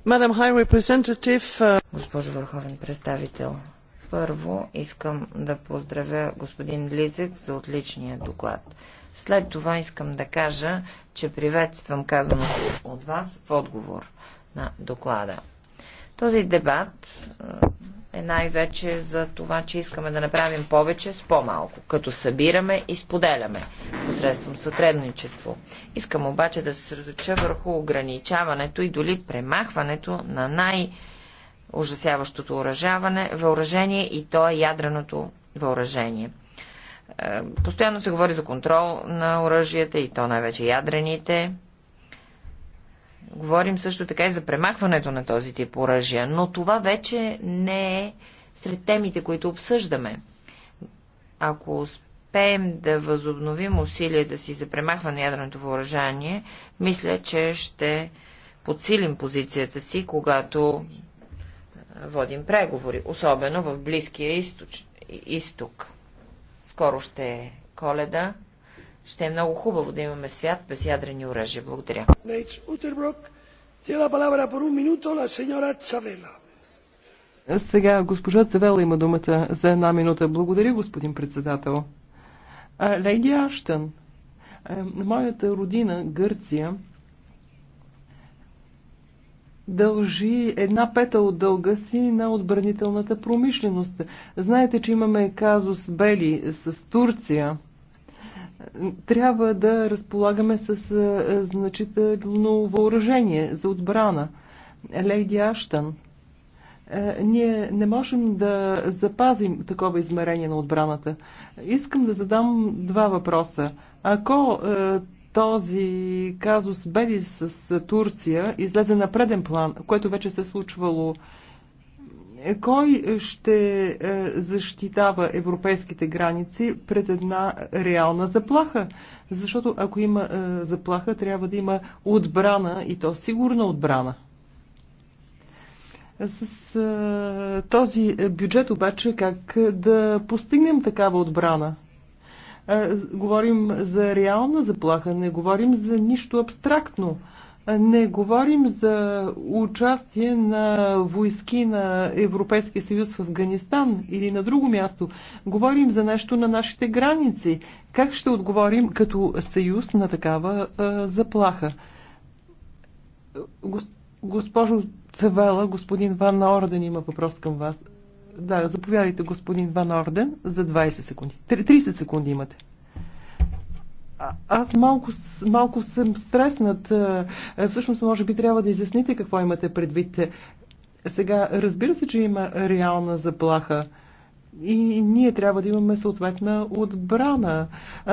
Uh, Госпожо Върховен представител, първо искам да поздравя господин Лизек за отличния доклад. След това искам да кажа, че приветствам казаното от вас в отговор на доклада. Този дебат е най-вече за това, че искаме да направим повече с по-малко, като събираме и споделяме посредством сътредничество. Искам обаче да се съсредоточа върху ограничаването и доли премахването на най- ужасяващото въоръжение и то е ядреното въоръжение. Е, постоянно се говори за контрол на оръжията и то най-вече ядрените. Говорим също така и за премахването на този тип оръжия, но това вече не е сред темите, които обсъждаме. Ако успеем да възобновим усилията си за премахване на ядреното въоръжение, мисля, че ще подсилим позицията си, когато водим преговори, особено в Близкия източ... изток. Скоро ще е коледа. Ще е много хубаво да имаме свят без ядрени оръжия. Благодаря. Сега госпожа Цавела има думата за една минута. Благодаря, господин председател. Леди Аштън, моята родина Гърция дължи една пета от дълга си на отбранителната промишленост. Знаете, че имаме казус Бели с Турция. Трябва да разполагаме с е, значително въоръжение за отбрана. Лейди Аштън, е, ние не можем да запазим такова измерение на отбраната. Искам да задам два въпроса. Ако е, този казус Бели с Турция излезе на преден план, което вече се е случвало. Кой ще е, защитава европейските граници пред една реална заплаха? Защото ако има е, заплаха, трябва да има отбрана и то сигурна отбрана. С е, този бюджет обаче как да постигнем такава отбрана? Говорим за реална заплаха, не говорим за нищо абстрактно. Не говорим за участие на войски на Европейския съюз в Афганистан или на друго място. Говорим за нещо на нашите граници. Как ще отговорим като съюз на такава а, заплаха? Госпожо Цавела, господин Ван Орден има въпрос към вас. Да, заповядайте, господин Ван Орден, за 20 секунди. 30 секунди имате. А, аз малко, малко съм стреснат. Всъщност, може би трябва да изясните какво имате предвид. Сега, разбира се, че има реална заплаха и ние трябва да имаме съответна отбрана. Е,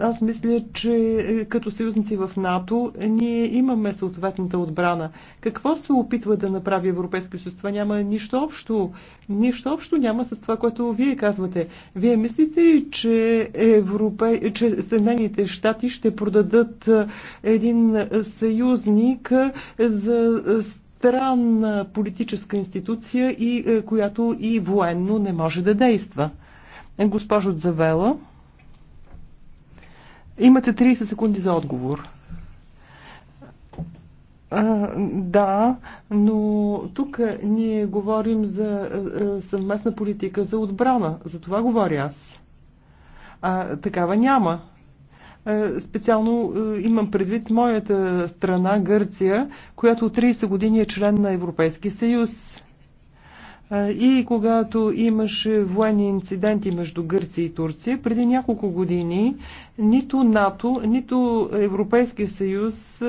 аз мисля, че е, като съюзници в НАТО ние имаме съответната отбрана. Какво се опитва да направи Европейски съюз? Това няма нищо общо. Нищо общо няма с това, което вие казвате. Вие мислите, че, Европе... че Съединените щати ще продадат е, един съюзник за странна политическа институция, и, е, която и военно не може да действа. Госпожо Завела, имате 30 секунди за отговор. А, да, но тук ние говорим за е, е, съвместна политика за отбрана. За това говоря аз. А, такава няма. Е, специално е, имам предвид моята страна, Гърция, която от 30 години е член на Европейски съюз. Е, и когато имаше военни инциденти между Гърция и Турция, преди няколко години нито НАТО, нито Европейския съюз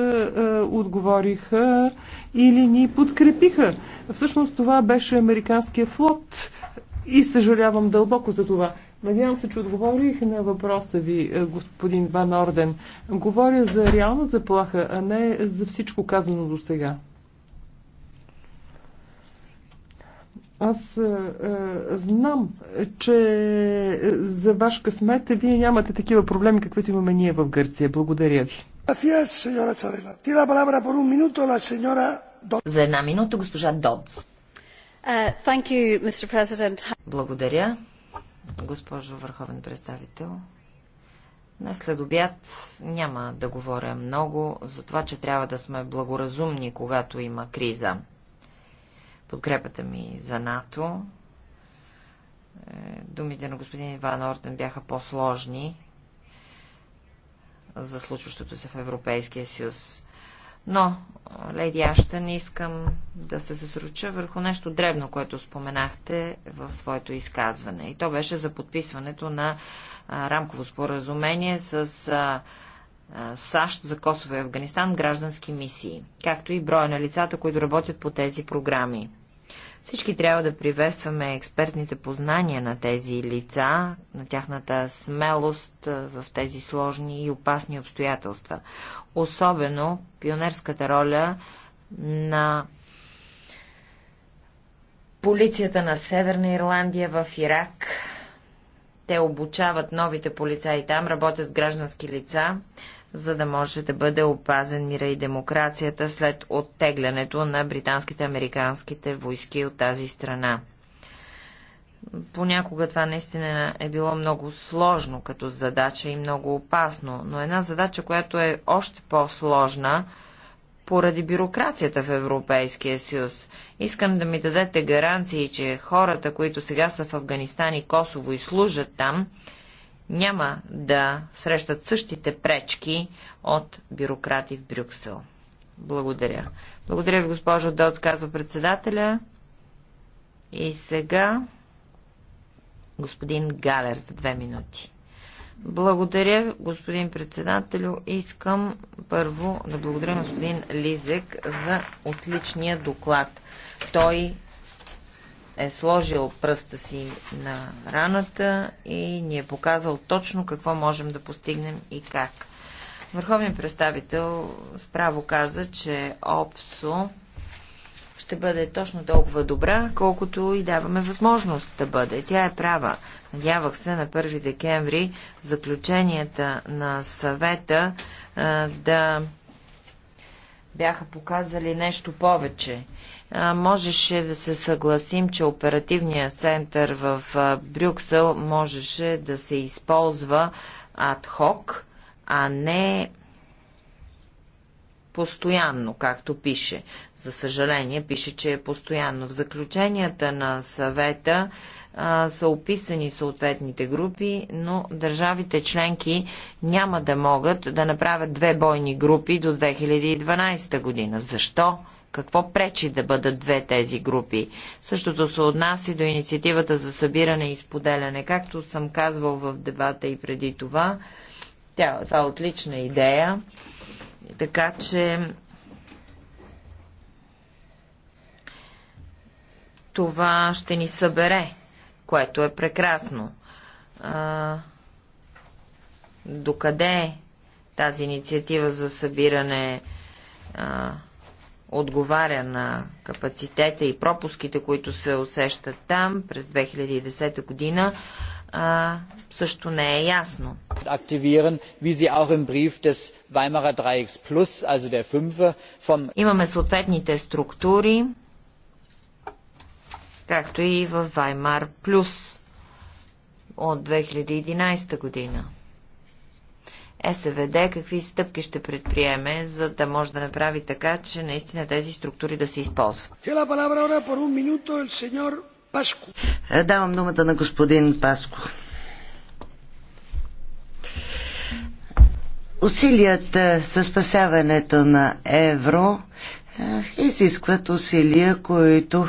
отговориха или ни подкрепиха. Всъщност това беше американския флот и съжалявам дълбоко за това. Надявам се, че отговорих на въпроса ви, е, господин Ван Орден. Говоря за реална заплаха, а не за всичко казано до сега. Аз а, е, е, знам, че за ваш късмет вие нямате такива проблеми, каквито имаме ние в Гърция. Благодаря ви. За една минута госпожа Додс. Uh, Благодаря госпожо върховен представител. Днес след обяд няма да говоря много за това, че трябва да сме благоразумни, когато има криза. Подкрепата ми за НАТО. Е, думите на господин Иван Орден бяха по-сложни за случващото се в Европейския съюз. Но, леди Аштън, искам да се съсруча върху нещо дребно, което споменахте в своето изказване. И то беше за подписването на а, рамково споразумение с а, а, САЩ за Косово и Афганистан граждански мисии, както и броя на лицата, които работят по тези програми. Всички трябва да приветстваме експертните познания на тези лица, на тяхната смелост в тези сложни и опасни обстоятелства. Особено пионерската роля на полицията на Северна Ирландия в Ирак. Те обучават новите полицаи там, работят с граждански лица, за да може да бъде опазен мира и демокрацията след оттеглянето на британските американските войски от тази страна. Понякога това наистина е било много сложно като задача и много опасно, но една задача, която е още по-сложна поради бюрокрацията в Европейския съюз. Искам да ми дадете гаранции, че хората, които сега са в Афганистан и Косово и служат там, няма да срещат същите пречки от бюрократи в Брюксел. Благодаря. Благодаря ви, госпожо Доц, казва председателя. И сега господин Галер за две минути. Благодаря, господин председателю. Искам първо да благодаря господин Лизек за отличния доклад. Той е сложил пръста си на раната и ни е показал точно какво можем да постигнем и как. Върховният представител справо каза, че ОПСО ще бъде точно толкова добра, колкото и даваме възможност да бъде. Тя е права. Надявах се на 1 декември заключенията на съвета да бяха показали нещо повече можеше да се съгласим, че оперативният център в Брюксел можеше да се използва адхок, а не постоянно, както пише. За съжаление, пише, че е постоянно. В заключенията на съвета а, са описани съответните групи, но държавите членки няма да могат да направят две бойни групи до 2012 година. Защо? Какво пречи да бъдат две тези групи? Същото се отнася до инициативата за събиране и споделяне. Както съм казвал в дебата и преди това, тя, това е отлична идея. Така че това ще ни събере, което е прекрасно. А, докъде тази инициатива за събиране а, отговаря на капацитета и пропуските, които се усещат там през 2010 година, а, също не е ясно. Активиран, des Weimarer also der vom... Имаме съответните структури, както и в Ваймар Плюс от 2011 година. СВД какви стъпки ще предприеме, за да може да направи така, че наистина тези структури да се използват. Е, давам думата на господин Паско. Усилията за спасяването на евро е, изискват усилия, които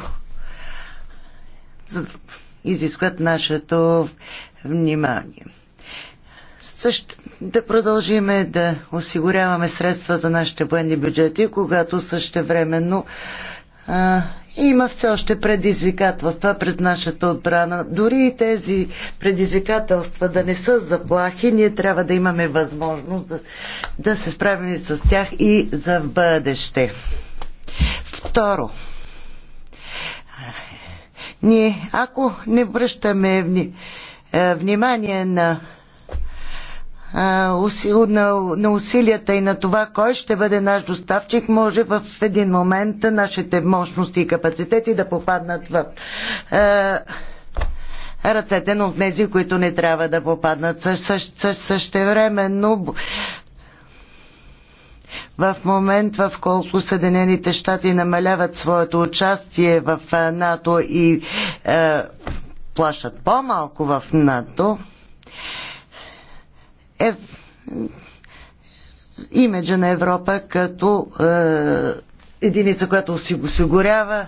изискват нашето внимание също, да продължиме да осигуряваме средства за нашите военни бюджети, когато същевременно времено има все още предизвикателства през нашата отбрана. Дори и тези предизвикателства да не са заплахи, ние трябва да имаме възможност да, да се справим с тях и за бъдеще. Второ, ние, ако не връщаме вни, внимание на на, усилията и на това кой ще бъде наш доставчик, може в един момент нашите мощности и капацитети да попаднат в ръцете на тези, които не трябва да попаднат. също време, същевременно в момент, в колко Съединените щати намаляват своето участие в НАТО и плащат по-малко в НАТО, е, имиджа на Европа като е, единица, която си осигурява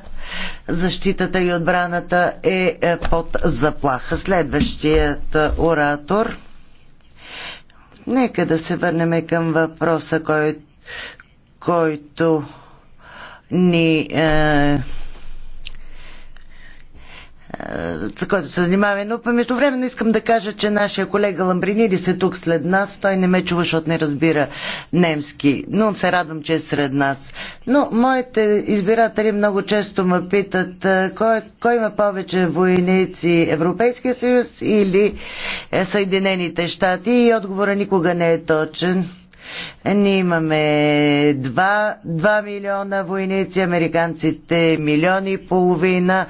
защитата и отбраната е, е под заплаха. Следващият оратор. Нека да се върнем към въпроса, кой, който ни е, е, за който се занимаваме. Но между време искам да кажа, че нашия колега Ламбринидис е тук след нас. Той не ме чува, защото не разбира немски. Но се радвам, че е сред нас. Но моите избиратели много често ме питат е, кой, кой има повече войници Европейския съюз или е, Съединените щати и отговора никога не е точен. Ние имаме 2, 2 милиона войници, американците милиони и половина,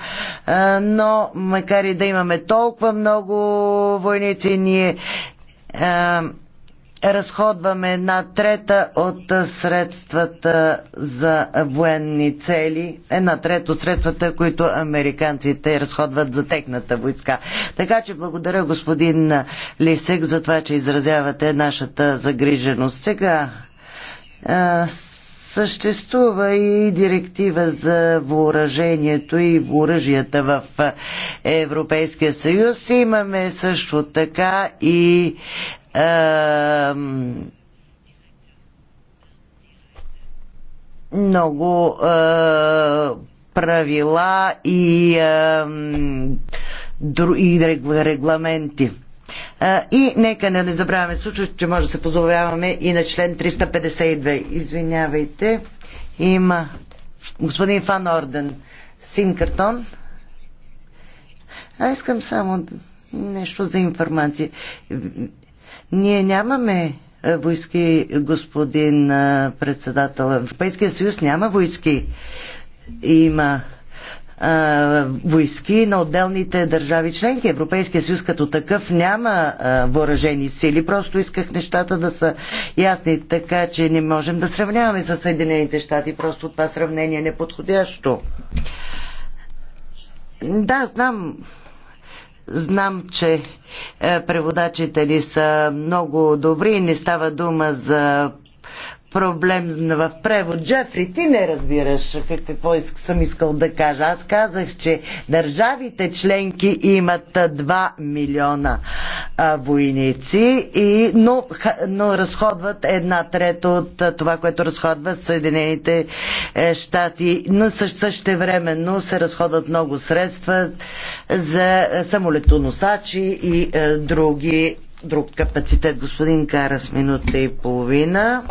но макар и да имаме толкова много войници, ние разходваме една трета от средствата за военни цели, една трета от средствата, които американците разходват за техната войска. Така че благодаря господин Лисек за това, че изразявате нашата загриженост. Сега съществува и директива за въоръжението и оръжията в Европейския съюз. Имаме също така и много правила и, и регламенти. И нека не, не забравяме случай, че може да се позоваваме и на член 352. Извинявайте, има господин Фан Орден, син картон. А искам само нещо за информация. Ние нямаме е, войски, господин е, председател. Европейския съюз няма войски. Има а, е, войски на отделните държави членки. Европейския съюз като такъв няма а, въоръжени сили. Просто исках нещата да са ясни, така че не можем да сравняваме с Съединените щати. Просто това сравнение е неподходящо. Да, знам. Знам, че е, преводачите ни са много добри, не става дума за проблем в превод. Джефри, ти не разбираш какво съм искал да кажа. Аз казах, че държавите членки имат 2 милиона войници, и, но, но разходват една трета от това, което разходва Съединените е, щати. Но също времено се разходват много средства за самолетоносачи и други друг капацитет. Господин Карас, минута и половина.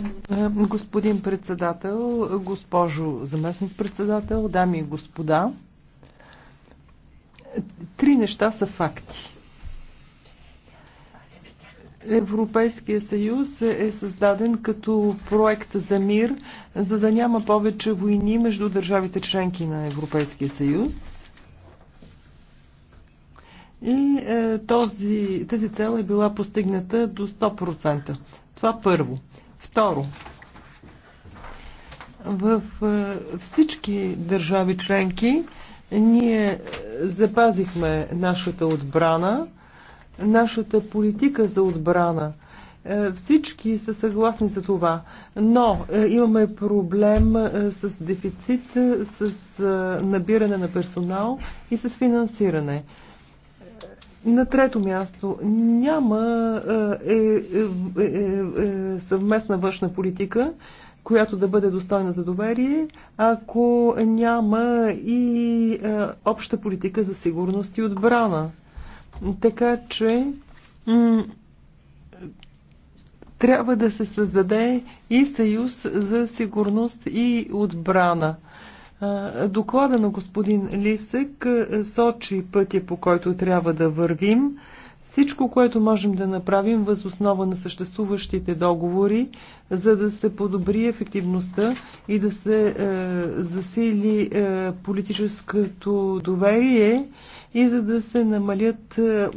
Е, господин председател, госпожо заместник председател, дами и господа, три неща са факти. Европейския съюз е създаден като проект за мир, за да няма повече войни между държавите членки на Европейския съюз. И е, този, тази цел е била постигната до 100%. Това първо. Второ, в е, всички държави членки ние запазихме нашата отбрана, нашата политика за отбрана. Е, всички са съгласни за това, но е, имаме проблем с дефицит, с набиране на персонал и с финансиране. На трето място, няма е, е, е, е, съвместна външна политика, която да бъде достойна за доверие, ако няма и е, обща политика за сигурност и отбрана. Така че трябва да се създаде и съюз за сигурност и отбрана – Доклада на господин Лисек сочи пътя, по който трябва да вървим. Всичко, което можем да направим въз основа на съществуващите договори, за да се подобри ефективността и да се е, засили е, политическото доверие и за да се намалят е,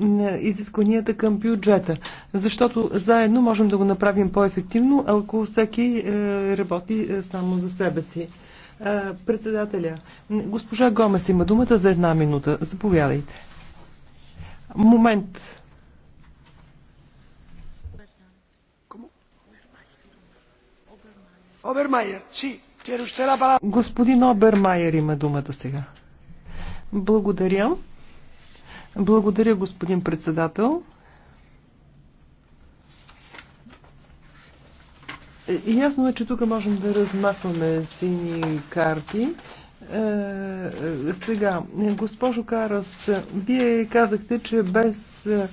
изискванията към бюджета. Защото заедно можем да го направим по-ефективно, ако всеки е, работи е, само за себе си. Председателя, госпожа Гомес има думата за една минута. Заповядайте. Момент. Обермайер, си, Господин Обермайер има думата сега. Благодаря. Благодаря, господин председател. Ясно е, че тук можем да размахваме сини карти. Е, е, сега, госпожо Карас, вие казахте, че без е,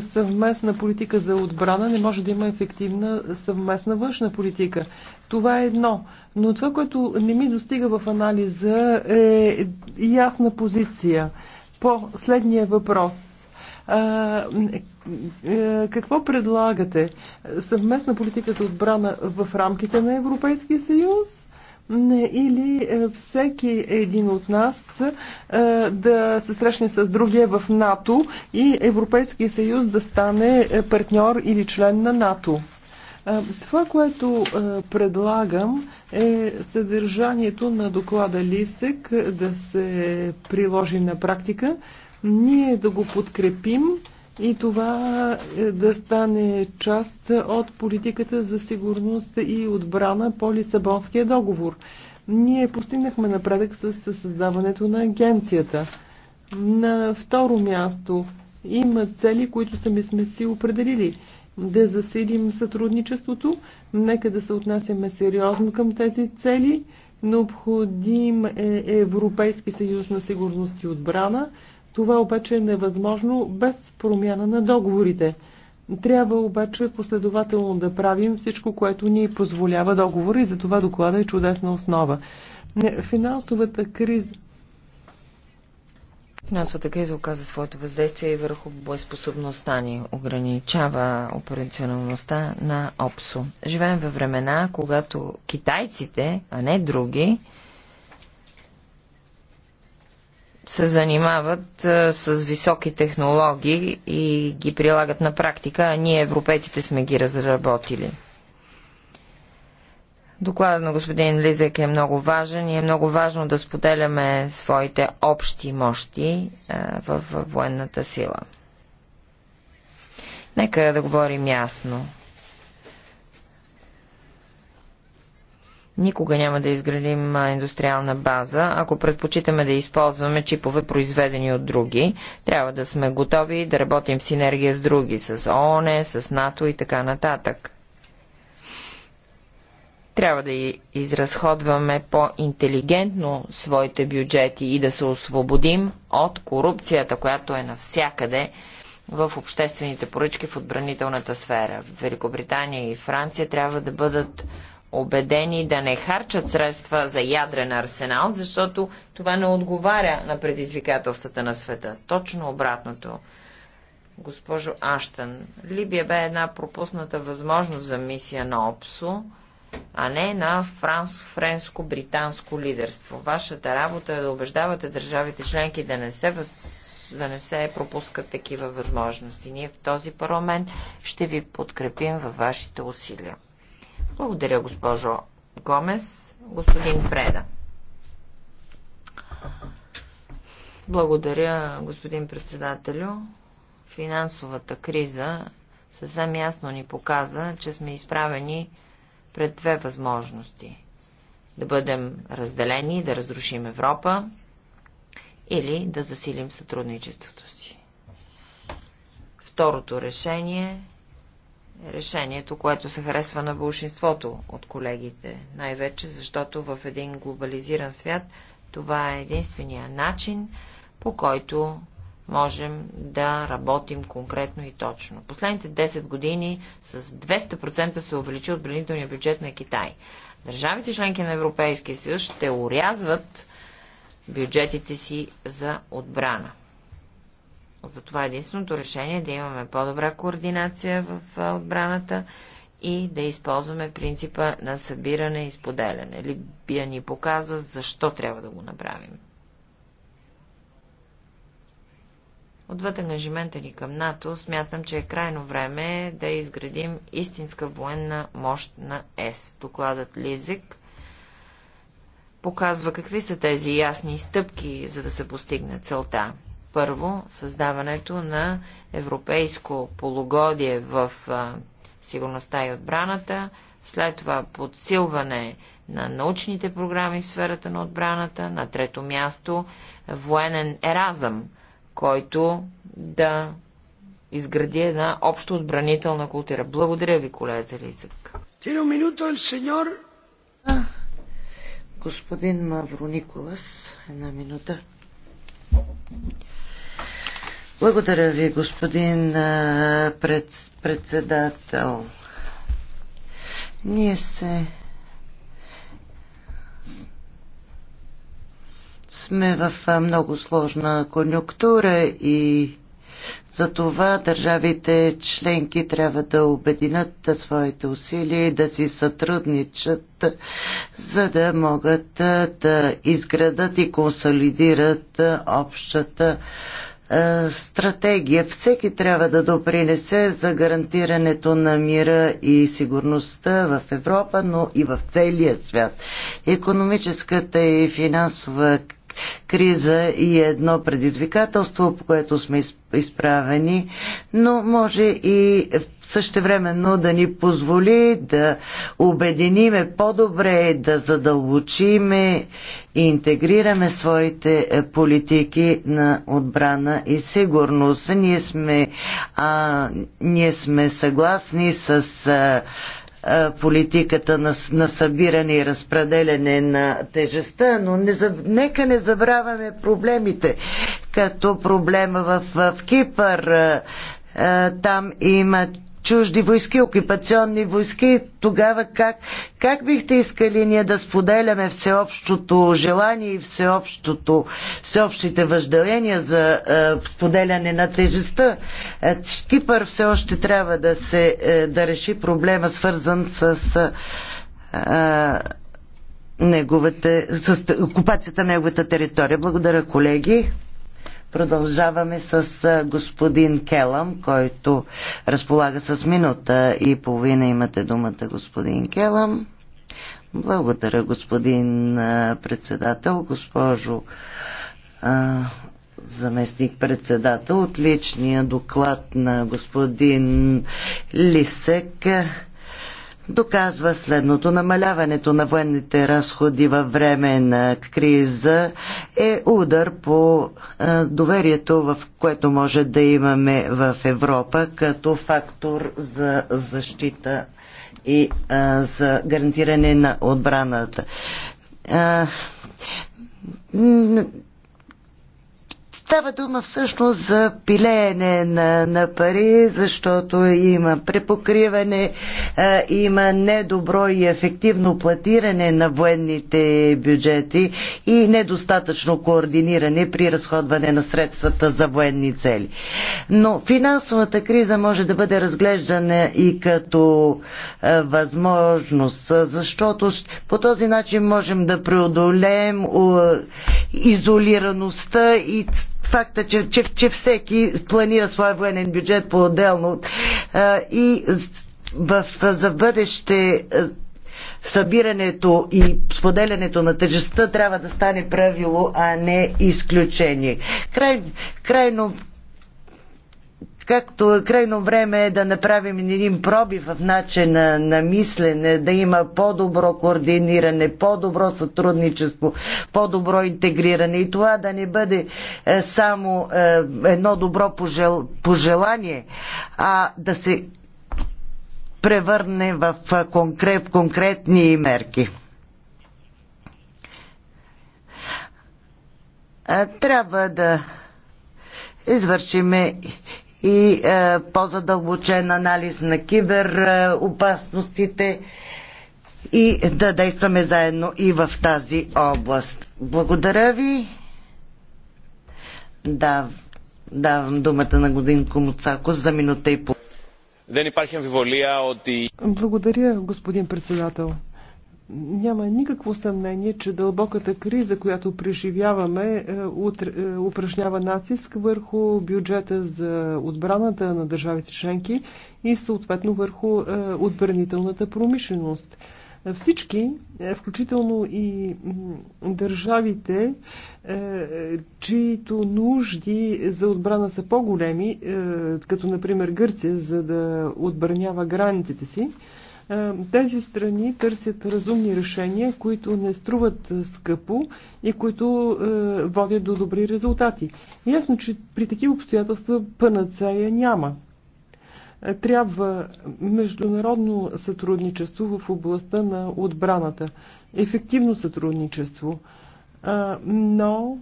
съвместна политика за отбрана не може да има ефективна съвместна външна политика. Това е едно. Но това, което не ми достига в анализа е ясна позиция по следния въпрос е, какво предлагате? Съвместна политика за отбрана в рамките на Европейския съюз? или е, всеки един от нас е, да се срещне с другия в НАТО и Европейския съюз да стане партньор или член на НАТО. Това, което предлагам е съдържанието на доклада Лисек да се приложи на практика ние да го подкрепим и това е, да стане част от политиката за сигурност и отбрана по Лисабонския договор. Ние постигнахме напредък с създаването на агенцията. На второ място има цели, които сами сме си определили. Да засилим сътрудничеството, нека да се отнасяме сериозно към тези цели. Необходим е Европейски съюз на сигурност и отбрана – това обаче е невъзможно без промяна на договорите. Трябва обаче последователно да правим всичко, което ни позволява договор и за това доклада е чудесна основа. Финансовата криза Финансовата криза оказа своето въздействие и върху боеспособността ни, ограничава операционалността на ОПСО. Живеем във времена, когато китайците, а не други, се занимават а, с високи технологии и ги прилагат на практика, а ние европейците сме ги разработили. Докладът на господин Лизек е много важен и е много важно да споделяме своите общи мощи а, в, в военната сила. Нека да говорим ясно. Никога няма да изградим индустриална база, ако предпочитаме да използваме чипове, произведени от други. Трябва да сме готови да работим в синергия с други, с ООН, с НАТО и така нататък. Трябва да изразходваме по-интелигентно своите бюджети и да се освободим от корупцията, която е навсякъде в обществените поръчки в отбранителната сфера. В Великобритания и Франция трябва да бъдат убедени да не харчат средства за ядрен арсенал, защото това не отговаря на предизвикателствата на света. Точно обратното. Госпожо Аштън, Либия бе една пропусната възможност за мисия на ОПСО, а не на френско-британско лидерство. Вашата работа е да убеждавате държавите членки да не се въз да не се пропускат такива възможности. Ние в този парламент ще ви подкрепим във вашите усилия. Благодаря, госпожо Гомес. Господин Преда. Благодаря, господин председателю. Финансовата криза съвсем ясно ни показа, че сме изправени пред две възможности. Да бъдем разделени, да разрушим Европа или да засилим сътрудничеството си. Второто решение решението, което се харесва на бълшинството от колегите. Най-вече защото в един глобализиран свят това е единствения начин, по който можем да работим конкретно и точно. Последните 10 години с 200% се увеличи отбранителния бюджет на Китай. Държавите членки на Европейския съюз ще урязват бюджетите си за отбрана. Затова е единственото решение е да имаме по-добра координация в отбраната и да използваме принципа на събиране и споделяне. Либия ни показа защо трябва да го направим. Отвъд ангажимента ни към НАТО, смятам, че е крайно време да изградим истинска военна мощ на ЕС. Докладът Лизик показва какви са тези ясни стъпки, за да се постигне целта. Първо, създаването на европейско полугодие в сигурността и отбраната, след това подсилване на научните програми в сферата на отбраната, на трето място военен еразъм, който да изгради една общо отбранителна култура. Благодаря ви, колега сеньор. Господин Мавро Николас, една минута. Благодаря ви, господин пред, председател. Ние се сме в много сложна конюнктура и за това държавите членки трябва да обединят своите усилия и да си сътрудничат, за да могат да изградат и консолидират общата е, стратегия. Всеки трябва да допринесе за гарантирането на мира и сигурността в Европа, но и в целия свят. Економическата и финансова криза и едно предизвикателство, по което сме изправени, но може и същевременно да ни позволи да обединиме по-добре, да задълбочиме и интегрираме своите е, политики на отбрана и сигурност. Ние сме, а, ние сме съгласни с а, е, политиката на, на събиране и разпределяне на тежестта, но не, нека не забравяме проблемите, като проблема в, в Кипър. Там има чужди войски, окупационни войски, тогава как, как бихте искали ние да споделяме всеобщото желание и всеобщото, всеобщите въжделения за е, споделяне на тежестта? Е, Кипър все още трябва да, се, е, да реши проблема, свързан с. Е, неговата, с окупацията на неговата територия. Благодаря, колеги. Продължаваме с господин Келам, който разполага с минута и половина. Имате думата, господин Келам. Благодаря, господин председател, госпожо заместник-председател. Отличния доклад на господин Лисек доказва следното. Намаляването на военните разходи във време на криза е удар по е, доверието, в което може да имаме в Европа като фактор за защита и а, е, за гарантиране на отбраната. А, е, Става дума всъщност за пилеене на, на пари, защото има препокриване, а, има недобро и ефективно платиране на военните бюджети и недостатъчно координиране при разходване на средствата за военни цели. Но финансовата криза може да бъде разглеждана и като а, възможност, защото по този начин можем да преодолеем изолираността и факта, че, че, че всеки планира своя военен бюджет по-отделно и в, за бъдеще събирането и споделянето на тежестта трябва да стане правило, а не изключение. Край, крайно както е крайно време е да направим един пробив в начина на мислене, да има по-добро координиране, по-добро сътрудничество, по-добро интегриране и това да не бъде е, само е, едно добро пожел... пожелание, а да се превърне в е, конкрет... конкретни мерки. Трябва да извършиме и е, по-задълбочен анализ на киберопасностите е, и да действаме заедно и в тази област. Благодаря ви. Да, давам думата на Годин Комуцакос за минута и половина. Благодаря, господин председател няма никакво съмнение, че дълбоката криза, която преживяваме, е, е, упражнява натиск върху бюджета за отбраната на държавите членки и съответно върху е, отбранителната промишленост. Всички, включително и държавите, чието нужди за отбрана са по-големи, като например Гърция, за да отбранява границите си, е, тези страни търсят разумни решения, които не струват е, скъпо и които е, водят до добри резултати. Ясно, че при такива обстоятелства панацея няма трябва международно сътрудничество в областта на отбраната, ефективно сътрудничество, но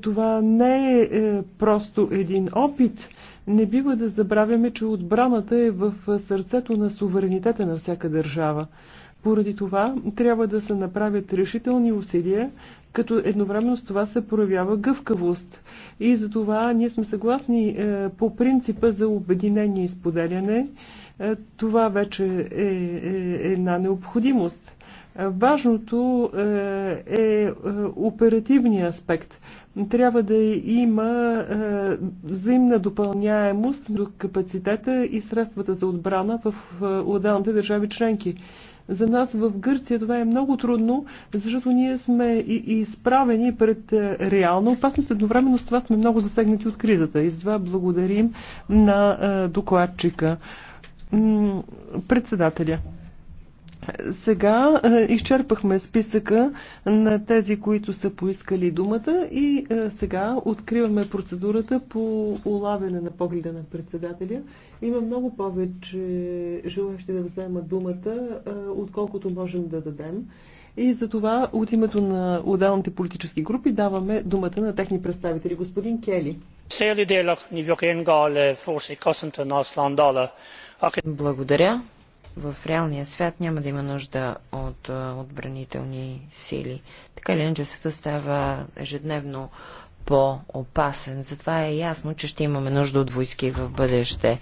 това не е просто един опит, не бива да забравяме, че отбраната е в сърцето на суверенитета на всяка държава. Поради това трябва да се направят решителни усилия, като едновременно с това се проявява гъвкавост. И за това ние сме съгласни е, по принципа за обединение и споделяне. Е, това вече е, е една необходимост. Важното е оперативният аспект трябва да има е, взаимна допълняемост между капацитета и средствата за отбрана в е, отделните държави членки. За нас в Гърция това е много трудно, защото ние сме и, изправени пред е, реална опасност. Едновременно с това сме много засегнати от кризата. И затова благодарим на е, докладчика, председателя. Сега е, изчерпахме списъка на тези, които са поискали думата и е, сега откриваме процедурата по улавяне на погледа на председателя. Има много повече желащи да взема думата, е, отколкото можем да дадем. И за това от името на отделните политически групи даваме думата на техни представители. Господин Кели. Благодаря в реалния свят няма да има нужда от отбранителни сили. Така ли че света става ежедневно по-опасен. Затова е ясно, че ще имаме нужда от войски в бъдеще.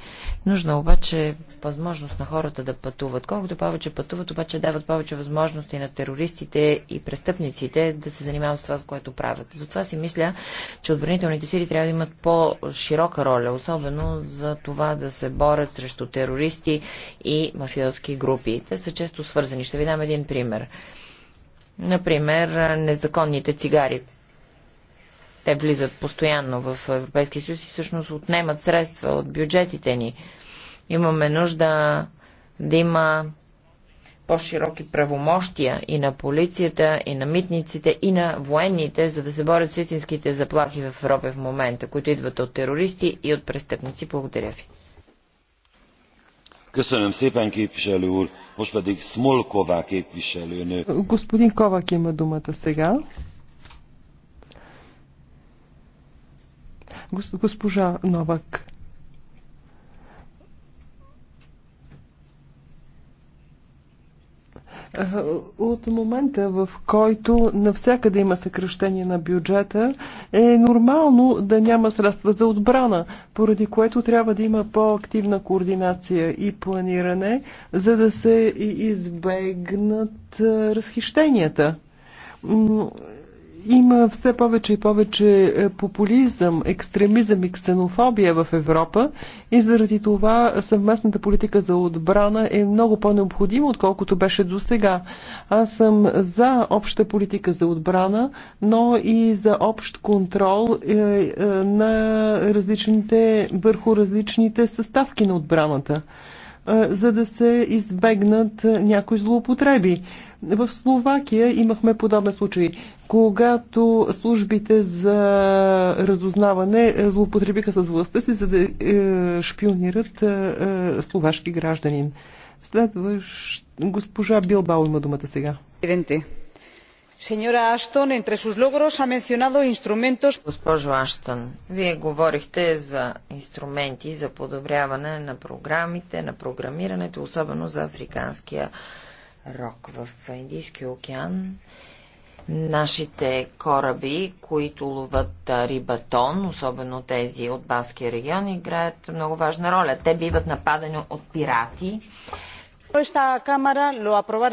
Нужна обаче възможност на хората да пътуват. Колкото повече пътуват, обаче дават повече възможности на терористите и престъпниците да се занимават с това, с което правят. Затова си мисля, че отбранителните сили трябва да имат по-широка роля, особено за това да се борят срещу терористи и мафиотски групи. Те са често свързани. Ще ви дам един пример. Например, незаконните цигари, те влизат постоянно в Европейския съюз и всъщност отнемат средства от бюджетите ни. Имаме нужда да има по-широки правомощия и на полицията, и на митниците, и на военните, за да се борят с истинските заплахи в Европа в момента, които идват от терористи и от престъпници. Благодаря ви. Господин Ковак има думата сега. Госпожа Новак. Е, от момента, в който навсякъде има съкръщение на бюджета, е нормално да няма средства за отбрана, поради което трябва да има по-активна координация и планиране, за да се избегнат е, разхищенията има все повече и повече е, популизъм, екстремизъм и ксенофобия в Европа и заради това съвместната политика за отбрана е много по-необходима, отколкото беше до сега. Аз съм за обща политика за отбрана, но и за общ контрол е, е, на различните, върху различните съставки на отбраната за да се избегнат някои злоупотреби. В Словакия имахме подобен случай, когато службите за разузнаване злоупотребиха с властта си, за да е, шпионират е, е, словашки гражданин. Следващ госпожа Билбао има думата сега. Señora Ashton, entre sus logros ha mencionado instrumentos. Госпожо Аштън, вие говорихте за инструменти за подобряване на програмите, на програмирането, особено за африканския рок в Индийския океан. Нашите кораби, които ловат рибатон, особено тези от Баския регион, играят много важна роля. Те биват нападани от пирати.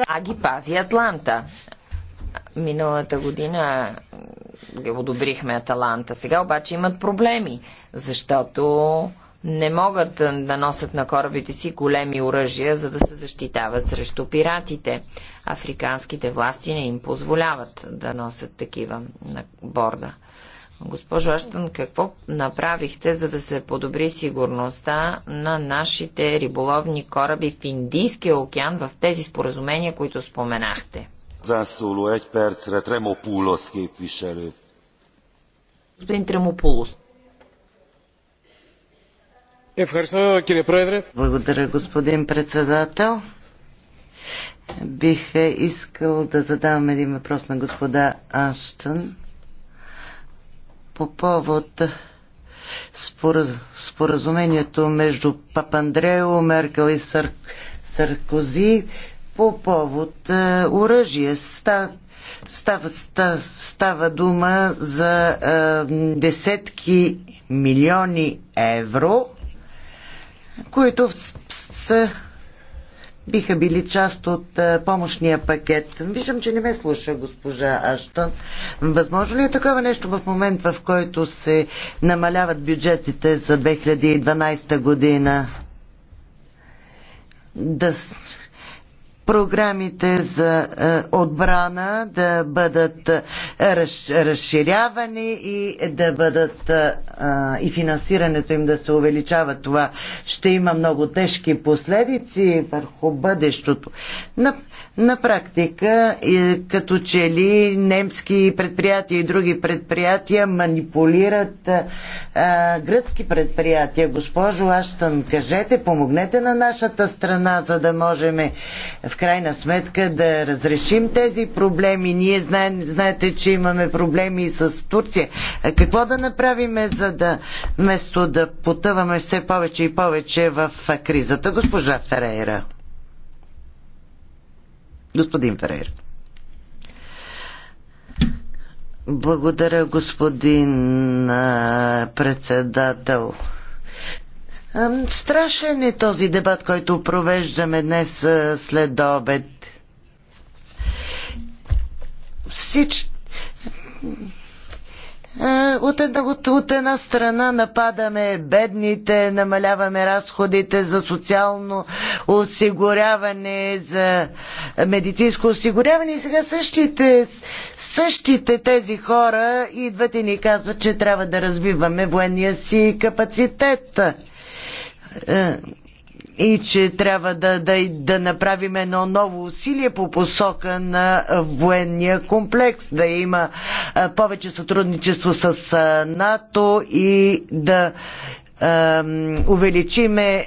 А ги пази Атланта. Миналата година одобрихме Аталанта. Сега обаче имат проблеми, защото не могат да носят на корабите си големи оръжия, за да се защитават срещу пиратите. Африканските власти не им позволяват да носят такива на борда. Госпожо Аштън, какво направихте, за да се подобри сигурността на нашите риболовни кораби в Индийския океан в тези споразумения, които споменахте? Господин Тремопулос. Благодаря, господин председател. Бих е, искал да задам един въпрос на господа Анштън по повод споразумението между Папандрео, Меркел и Сар... Саркози по повод е, оръжие. Става, става, става, става дума за е, десетки милиони евро които са биха били част от помощния пакет. Виждам, че не ме слуша госпожа Аштън. Възможно ли е такова нещо в момент, в който се намаляват бюджетите за 2012 година? Да, програмите за е, отбрана да бъдат е, разширявани и да бъдат е, и финансирането им да се увеличава. Това ще има много тежки последици върху бъдещето. На, на практика, като че ли немски предприятия и други предприятия манипулират а, гръцки предприятия. Госпожо Аштън, кажете, помогнете на нашата страна, за да можем в крайна сметка да разрешим тези проблеми. Ние знаем, знаете, че имаме проблеми и с Турция. Какво да направим, за да вместо да потъваме все повече и повече в кризата? Госпожа Ферейра. Господин Ферейра. Благодаря, господин председател. Страшен е този дебат, който провеждаме днес след обед. Всич... От една, от, от една страна нападаме бедните, намаляваме разходите за социално осигуряване, за медицинско осигуряване и сега същите, същите тези хора идват и ни казват, че трябва да развиваме военния си капацитет. Е, и че трябва да, да, да направим едно ново усилие по посока на военния комплекс, да има повече сътрудничество с НАТО и да увеличиме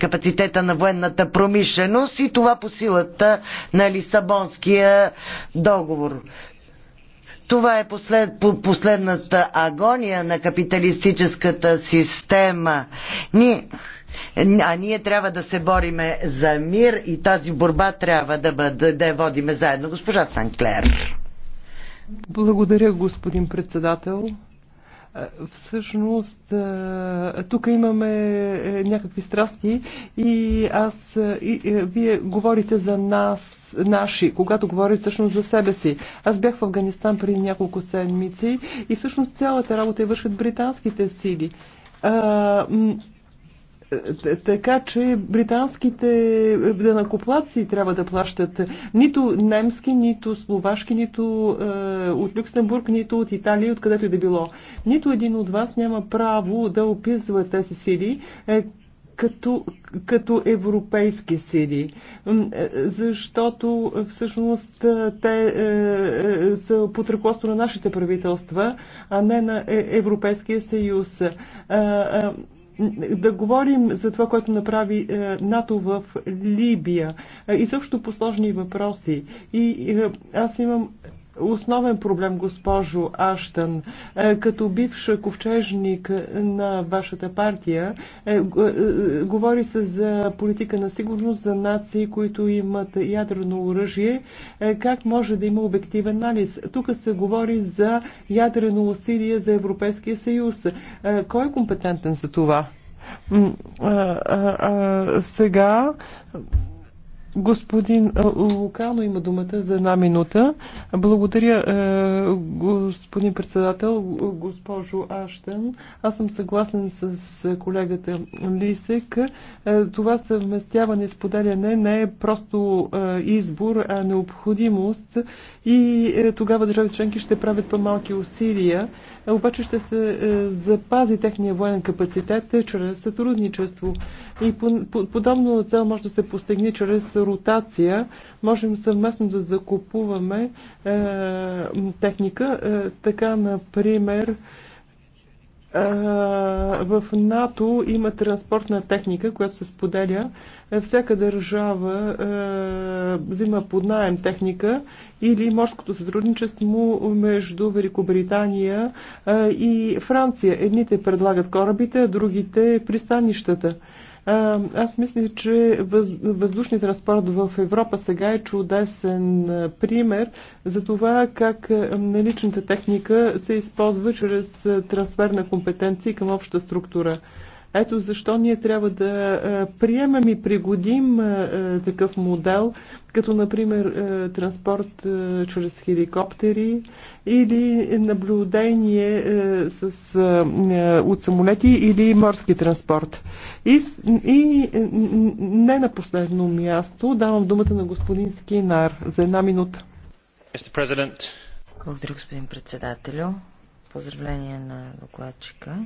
капацитета на военната промишленост и това по силата на Лисабонския договор. Това е послед, по последната агония на капиталистическата система. Ни, а ние трябва да се бориме за мир и тази борба трябва да, бъде, да я водиме заедно. Госпожа Санклер. Благодаря, господин председател. Е, всъщност, е, тук имаме е, някакви страсти и аз, и, и, вие говорите за нас, наши, когато говорите всъщност за себе си. Аз бях в Афганистан преди няколко седмици и всъщност цялата работа е вършат британските сили. Е, е, така че британските е, данакоплаци трябва да плащат нито немски, нито словашки, нито е, от Люксембург, нито от Италия, откъдето и да било. Нито един от вас няма право да описва тези сили, е, като, като европейски сили, защото всъщност те е, са под ръководство на нашите правителства, а не на Европейския съюз. Е, е, да говорим за това, което направи е, НАТО в Либия е, и също по сложни въпроси. И е, аз имам основен проблем, госпожо Аштън. Е, като бивш ковчежник на вашата партия, е, е, говори се за политика на сигурност, за нации, които имат ядрено оръжие. Как може да има обективен анализ? Тук се говори за ядрено усилие за Европейския съюз. Кой е компетентен за това? А, а, а, сега Господин Лукано има думата за една минута. Благодаря, господин председател, госпожо Аштен. Аз съм съгласен с колегата Лисек. Това съвместяване, споделяне не е просто избор, а необходимост. И е, тогава държавите членки ще правят по-малки усилия, обаче ще се е, запази техния военен капацитет чрез сътрудничество. И подобно цел може да се постигне чрез ротация. Можем съвместно да закупуваме е, техника. Е, така, например, е, в НАТО има транспортна техника, която се споделя. Е, всяка държава е, взима под найем техника или морското сътрудничество между Великобритания и Франция. Едните предлагат корабите, а другите пристанищата. Аз мисля, че въздушният транспорт в Европа сега е чудесен пример за това как наличната техника се използва чрез трансфер на компетенции към обща структура. Ето защо ние трябва да приемем и пригодим такъв модел, като например транспорт чрез хеликоптери или наблюдение с, от самолети или морски транспорт. И, и не на последно място давам думата на господин Скинар за една минута. Благодаря, господин председателю. Поздравление на докладчика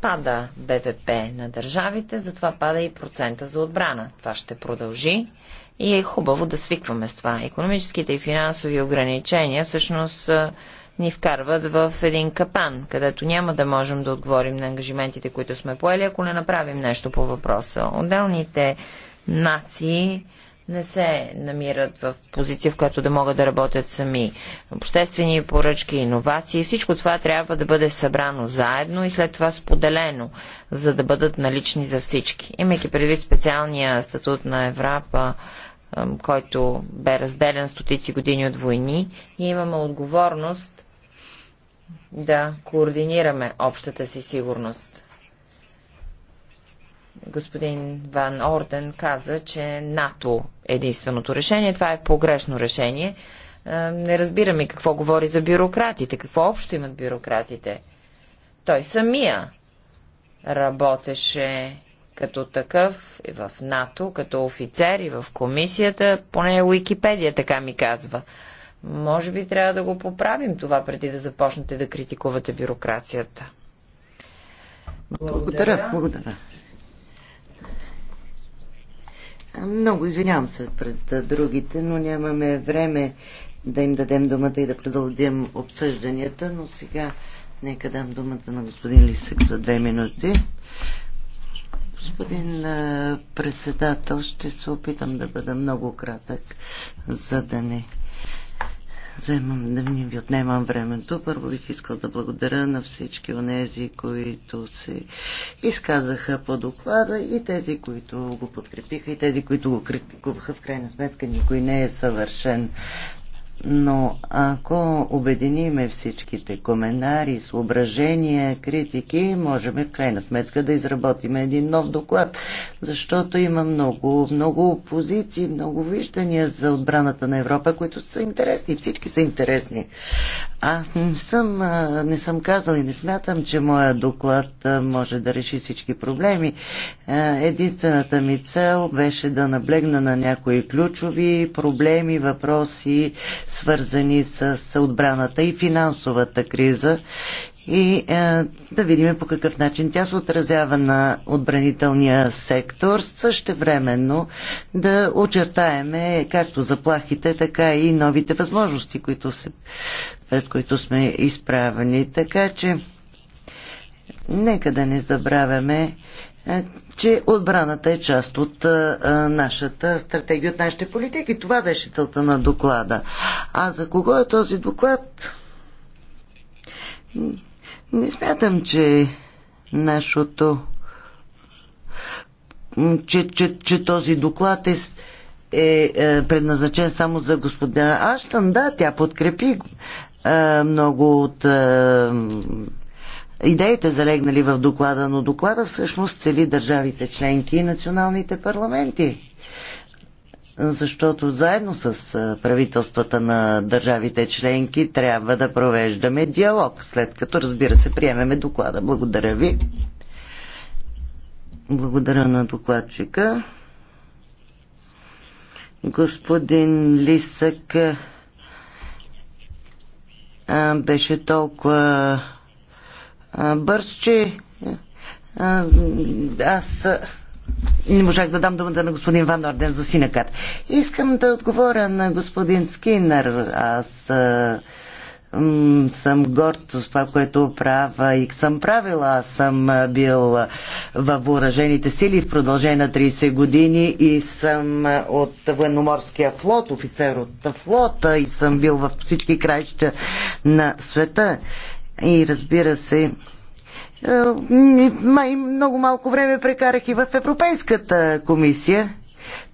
пада БВП на държавите, затова пада и процента за отбрана. Това ще продължи и е хубаво да свикваме с това. Економическите и финансови ограничения всъщност ни вкарват в един капан, където няма да можем да отговорим на ангажиментите, които сме поели, ако не направим нещо по въпроса. Отделните нации не се намират в позиция, в която да могат да работят сами. Обществени поръчки, иновации, всичко това трябва да бъде събрано заедно и след това споделено, за да бъдат налични за всички. Имайки предвид специалния статут на Европа, който бе разделен стотици години от войни, и имаме отговорност да координираме общата си сигурност господин Ван Орден каза, че НАТО единственото решение. Това е погрешно решение. Е, не разбираме какво говори за бюрократите, какво общо имат бюрократите. Той самия работеше като такъв и в НАТО, като офицер и в комисията, поне Уикипедия така ми казва. Може би трябва да го поправим това, преди да започнете да критикувате бюрокрацията. Благодаря. Благодаря. благодаря. Много извинявам се пред другите, но нямаме време да им дадем думата и да продължим обсъжданията, но сега нека дам думата на господин Лисък за две минути. Господин председател, ще се опитам да бъда много кратък, за да не вземам, да ви отнемам времето. Първо бих искал да благодаря на всички онези, които се изказаха по доклада и тези, които го подкрепиха и тези, които го критикуваха. В крайна сметка никой не е съвършен. Но ако обединиме всичките коментари, съображения, критики, можем в крайна сметка да изработим един нов доклад, защото има много, много позиции, много виждания за отбраната на Европа, които са интересни. Всички са интересни. Аз не съм, не съм казал и не смятам, че моя доклад може да реши всички проблеми. Единствената ми цел беше да наблегна на някои ключови проблеми, въпроси, свързани с отбраната и финансовата криза и е, да видим по какъв начин тя се отразява на отбранителния сектор, същевременно да очертаеме както заплахите, така и новите възможности, които се, пред които сме изправени. Така че, нека да не забравяме е, че отбраната е част от а, нашата стратегия, от нашите политики. Това беше целта на доклада. А за кого е този доклад? Не смятам, че нашото. че, че, че този доклад е е, е, предназначен само за господина Аштън. Да, тя подкрепи е, много от е, идеите залегнали в доклада, но доклада всъщност цели държавите членки и националните парламенти. Защото заедно с правителствата на държавите членки трябва да провеждаме диалог, след като разбира се приемеме доклада. Благодаря ви. Благодаря на докладчика. Господин Лисък беше толкова Бързче, аз не можах да дам думата на господин Ван Орден за синакат. Искам да отговоря на господин Скинер, Аз а, съм горд с това, което правя и съм правила. Аз съм бил във въоръжените сили в продължение на 30 години и съм от военноморския флот, офицер от флота и съм бил във всички краища на света. И разбира се, е, май много малко време прекарах и в Европейската комисия,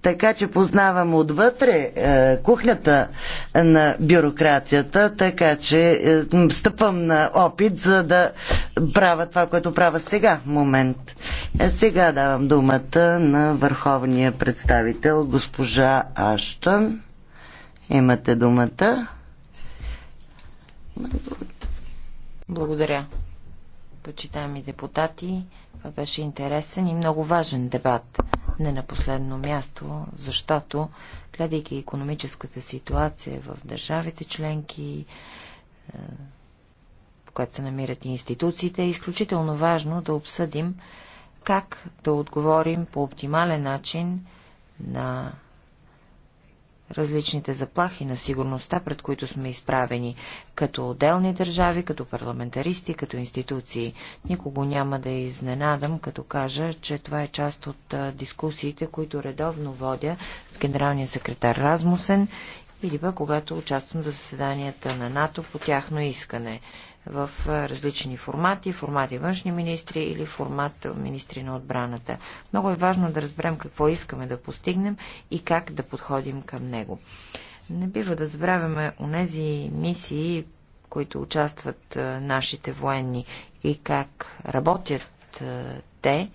така че познавам отвътре е, кухнята на бюрокрацията, така че е, стъпвам на опит, за да правя това, което правя сега в момент. сега давам думата на върховния представител госпожа Аштън. Имате думата. Благодаря. Почитаеми депутати, това беше интересен и много важен дебат. Не на последно място, защото, гледайки економическата ситуация в държавите членки, е, в която се намират и институциите, е изключително важно да обсъдим как да отговорим по оптимален начин на различните заплахи на сигурността, пред които сме изправени, като отделни държави, като парламентаристи, като институции. Никого няма да изненадам, като кажа, че това е част от дискусиите, които редовно водя с генералния секретар Размусен или пък когато участвам за заседанията на НАТО по тяхно искане в различни формати, формати външни министри или формат министри на отбраната. Много е важно да разберем какво искаме да постигнем и как да подходим към него. Не бива да забравяме онези мисии, които участват нашите военни и как работят те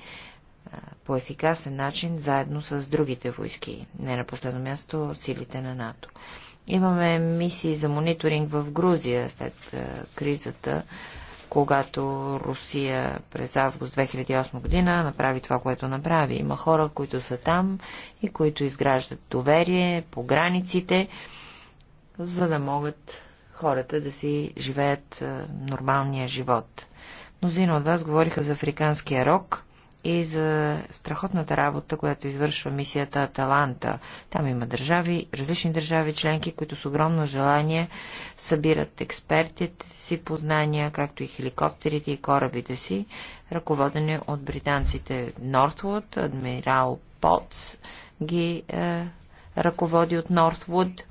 по ефикасен начин заедно с другите войски, не на последно място силите на НАТО. Имаме мисии за мониторинг в Грузия след кризата, когато Русия през август 2008 година направи това, което направи. Има хора, които са там и които изграждат доверие по границите, за да могат хората да си живеят нормалния живот. Мнозина от вас говориха за африканския рок и за страхотната работа, която извършва мисията Аталанта. Там има държави, различни държави членки, които с огромно желание събират експертите си познания, както и хеликоптерите и корабите си, ръководени от британците Нортвуд, адмирал Потс ги е, ръководи от Нортвуд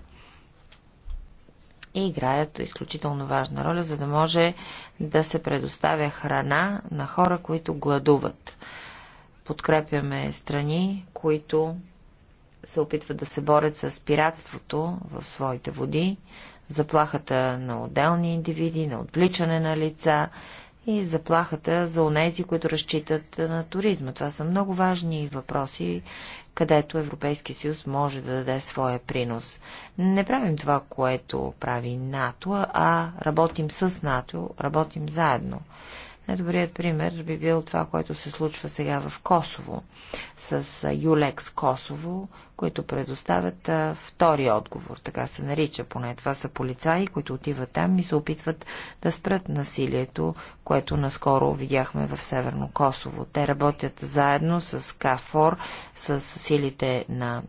и играят изключително важна роля, за да може да се предоставя храна на хора, които гладуват подкрепяме страни, които се опитват да се борят с пиратството в своите води, заплахата на отделни индивиди, на отвличане на лица и заплахата за онези, които разчитат на туризма. Това са много важни въпроси, където Европейския съюз може да даде своя принос. Не правим това, което прави НАТО, а работим с НАТО, работим заедно. Най-добрият пример би бил това, което се случва сега в Косово с Юлекс Косово, които предоставят а, втори отговор, така се нарича поне. Това са полицаи, които отиват там и се опитват да спрат насилието, което наскоро видяхме в Северно Косово. Те работят заедно с КАФОР, с силите на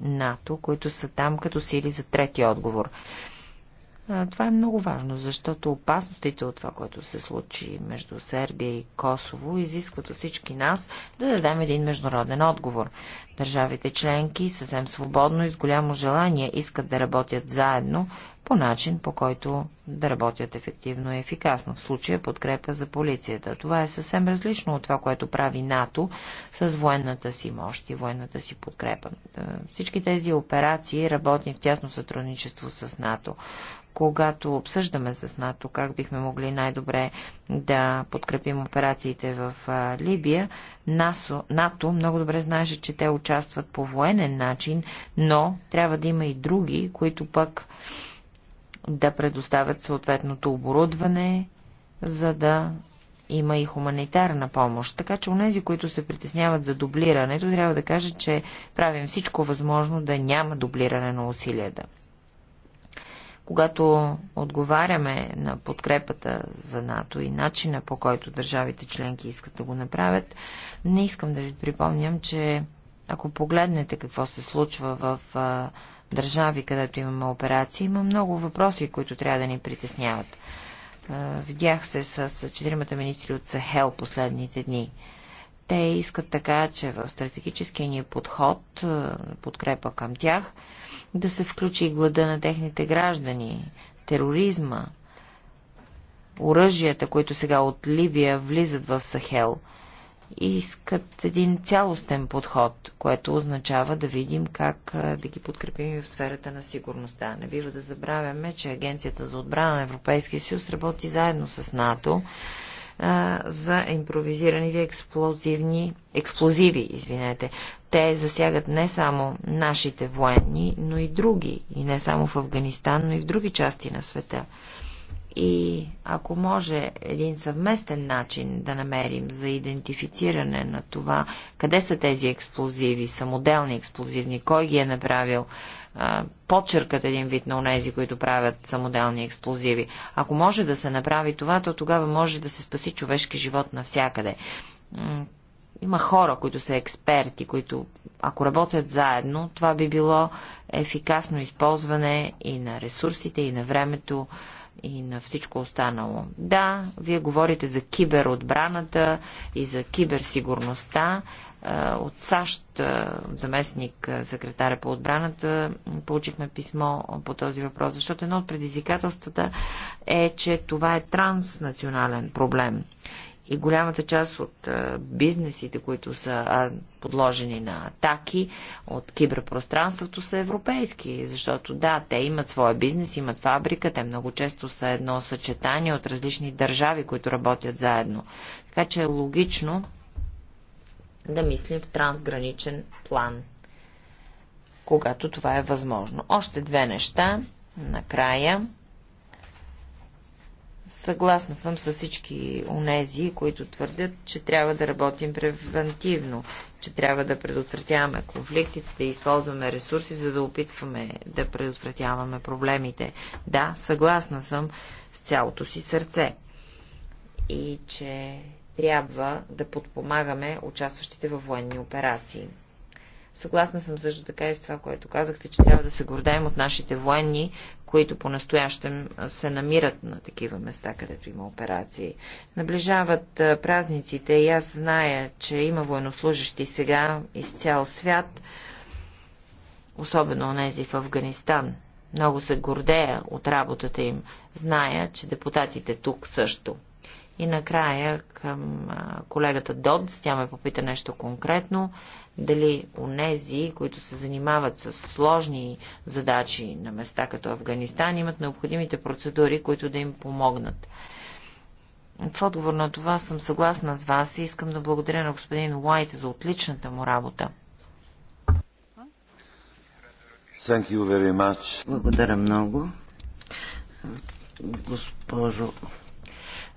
НАТО, които са там като сили за трети отговор. Това е много важно, защото опасностите от това, което се случи между Сърбия и Косово, изискват от всички нас да дадем един международен отговор. Държавите членки съвсем свободно и с голямо желание искат да работят заедно по начин, по който да работят ефективно и ефикасно. В случая подкрепа за полицията. Това е съвсем различно от това, което прави НАТО с военната си мощ и военната си подкрепа. Е, всички тези операции работим в тясно сътрудничество с НАТО когато обсъждаме с НАТО как бихме могли най-добре да подкрепим операциите в Либия, НАСО, НАТО много добре знаеше, че те участват по военен начин, но трябва да има и други, които пък да предоставят съответното оборудване, за да има и хуманитарна помощ. Така че у нези, които се притесняват за дублирането, трябва да кажат, че правим всичко възможно да няма дублиране на усилията. Когато отговаряме на подкрепата за НАТО и начина по който държавите членки искат да го направят, не искам да ви припомням, че ако погледнете какво се случва в държави, където имаме операции, има много въпроси, които трябва да ни притесняват. видях се с четиримата министри от Сахел последните дни. Те искат така, че в стратегическия ни подход, подкрепа към тях, да се включи глада на техните граждани, тероризма, оръжията, които сега от Либия влизат в Сахел. И искат един цялостен подход, което означава да видим как да ги подкрепим и в сферата на сигурността. Не бива да забравяме, че Агенцията за отбрана на Европейския съюз работи заедно с НАТО а, за импровизирани експлозивни, експлозиви. Извинете. Те засягат не само нашите военни, но и други. И не само в Афганистан, но и в други части на света. И ако може един съвместен начин да намерим за идентифициране на това, къде са тези експлозиви, самоделни експлозивни, кой ги е направил, подчеркът един вид на унези, които правят самоделни експлозиви. Ако може да се направи това, то тогава може да се спаси човешки живот навсякъде. Има хора, които са експерти, които ако работят заедно, това би било ефикасно използване и на ресурсите, и на времето, и на всичко останало. Да, вие говорите за киберотбраната и за киберсигурността. Е, от САЩ, е, от заместник е, секретаря по отбраната, получихме писмо по този въпрос, защото едно от предизвикателствата е, че това е транснационален проблем. И голямата част от бизнесите, които са подложени на атаки от киберпространството са европейски, защото да, те имат своя бизнес, имат фабрика, те много често са едно съчетание от различни държави, които работят заедно. Така че е логично да мислим в трансграничен план, когато това е възможно. Още две неща накрая. Съгласна съм с всички онези, които твърдят, че трябва да работим превентивно, че трябва да предотвратяваме конфликтите, да използваме ресурси, за да опитваме да предотвратяваме проблемите. Да, съгласна съм с цялото си сърце. И че трябва да подпомагаме участващите във военни операции. Съгласна съм също така и с това, което казахте, че трябва да се гордаем от нашите военни, които по-настоящем се намират на такива места, където има операции. Наближават празниците и аз зная, че има военнослужащи сега из цял свят, особено онези в Афганистан. Много се гордея от работата им. Зная, че депутатите тук също и накрая към колегата Додс, тя ме попита нещо конкретно, дали онези, които се занимават с сложни задачи на места като Афганистан, имат необходимите процедури, които да им помогнат. В отговор на това съм съгласна с вас и искам да благодаря на господин Уайт за отличната му работа. Thank you very much. Благодаря много. Госпожо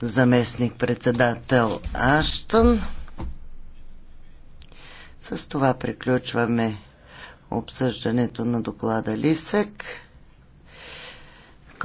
заместник-председател Аштън. С това приключваме обсъждането на доклада Лисек.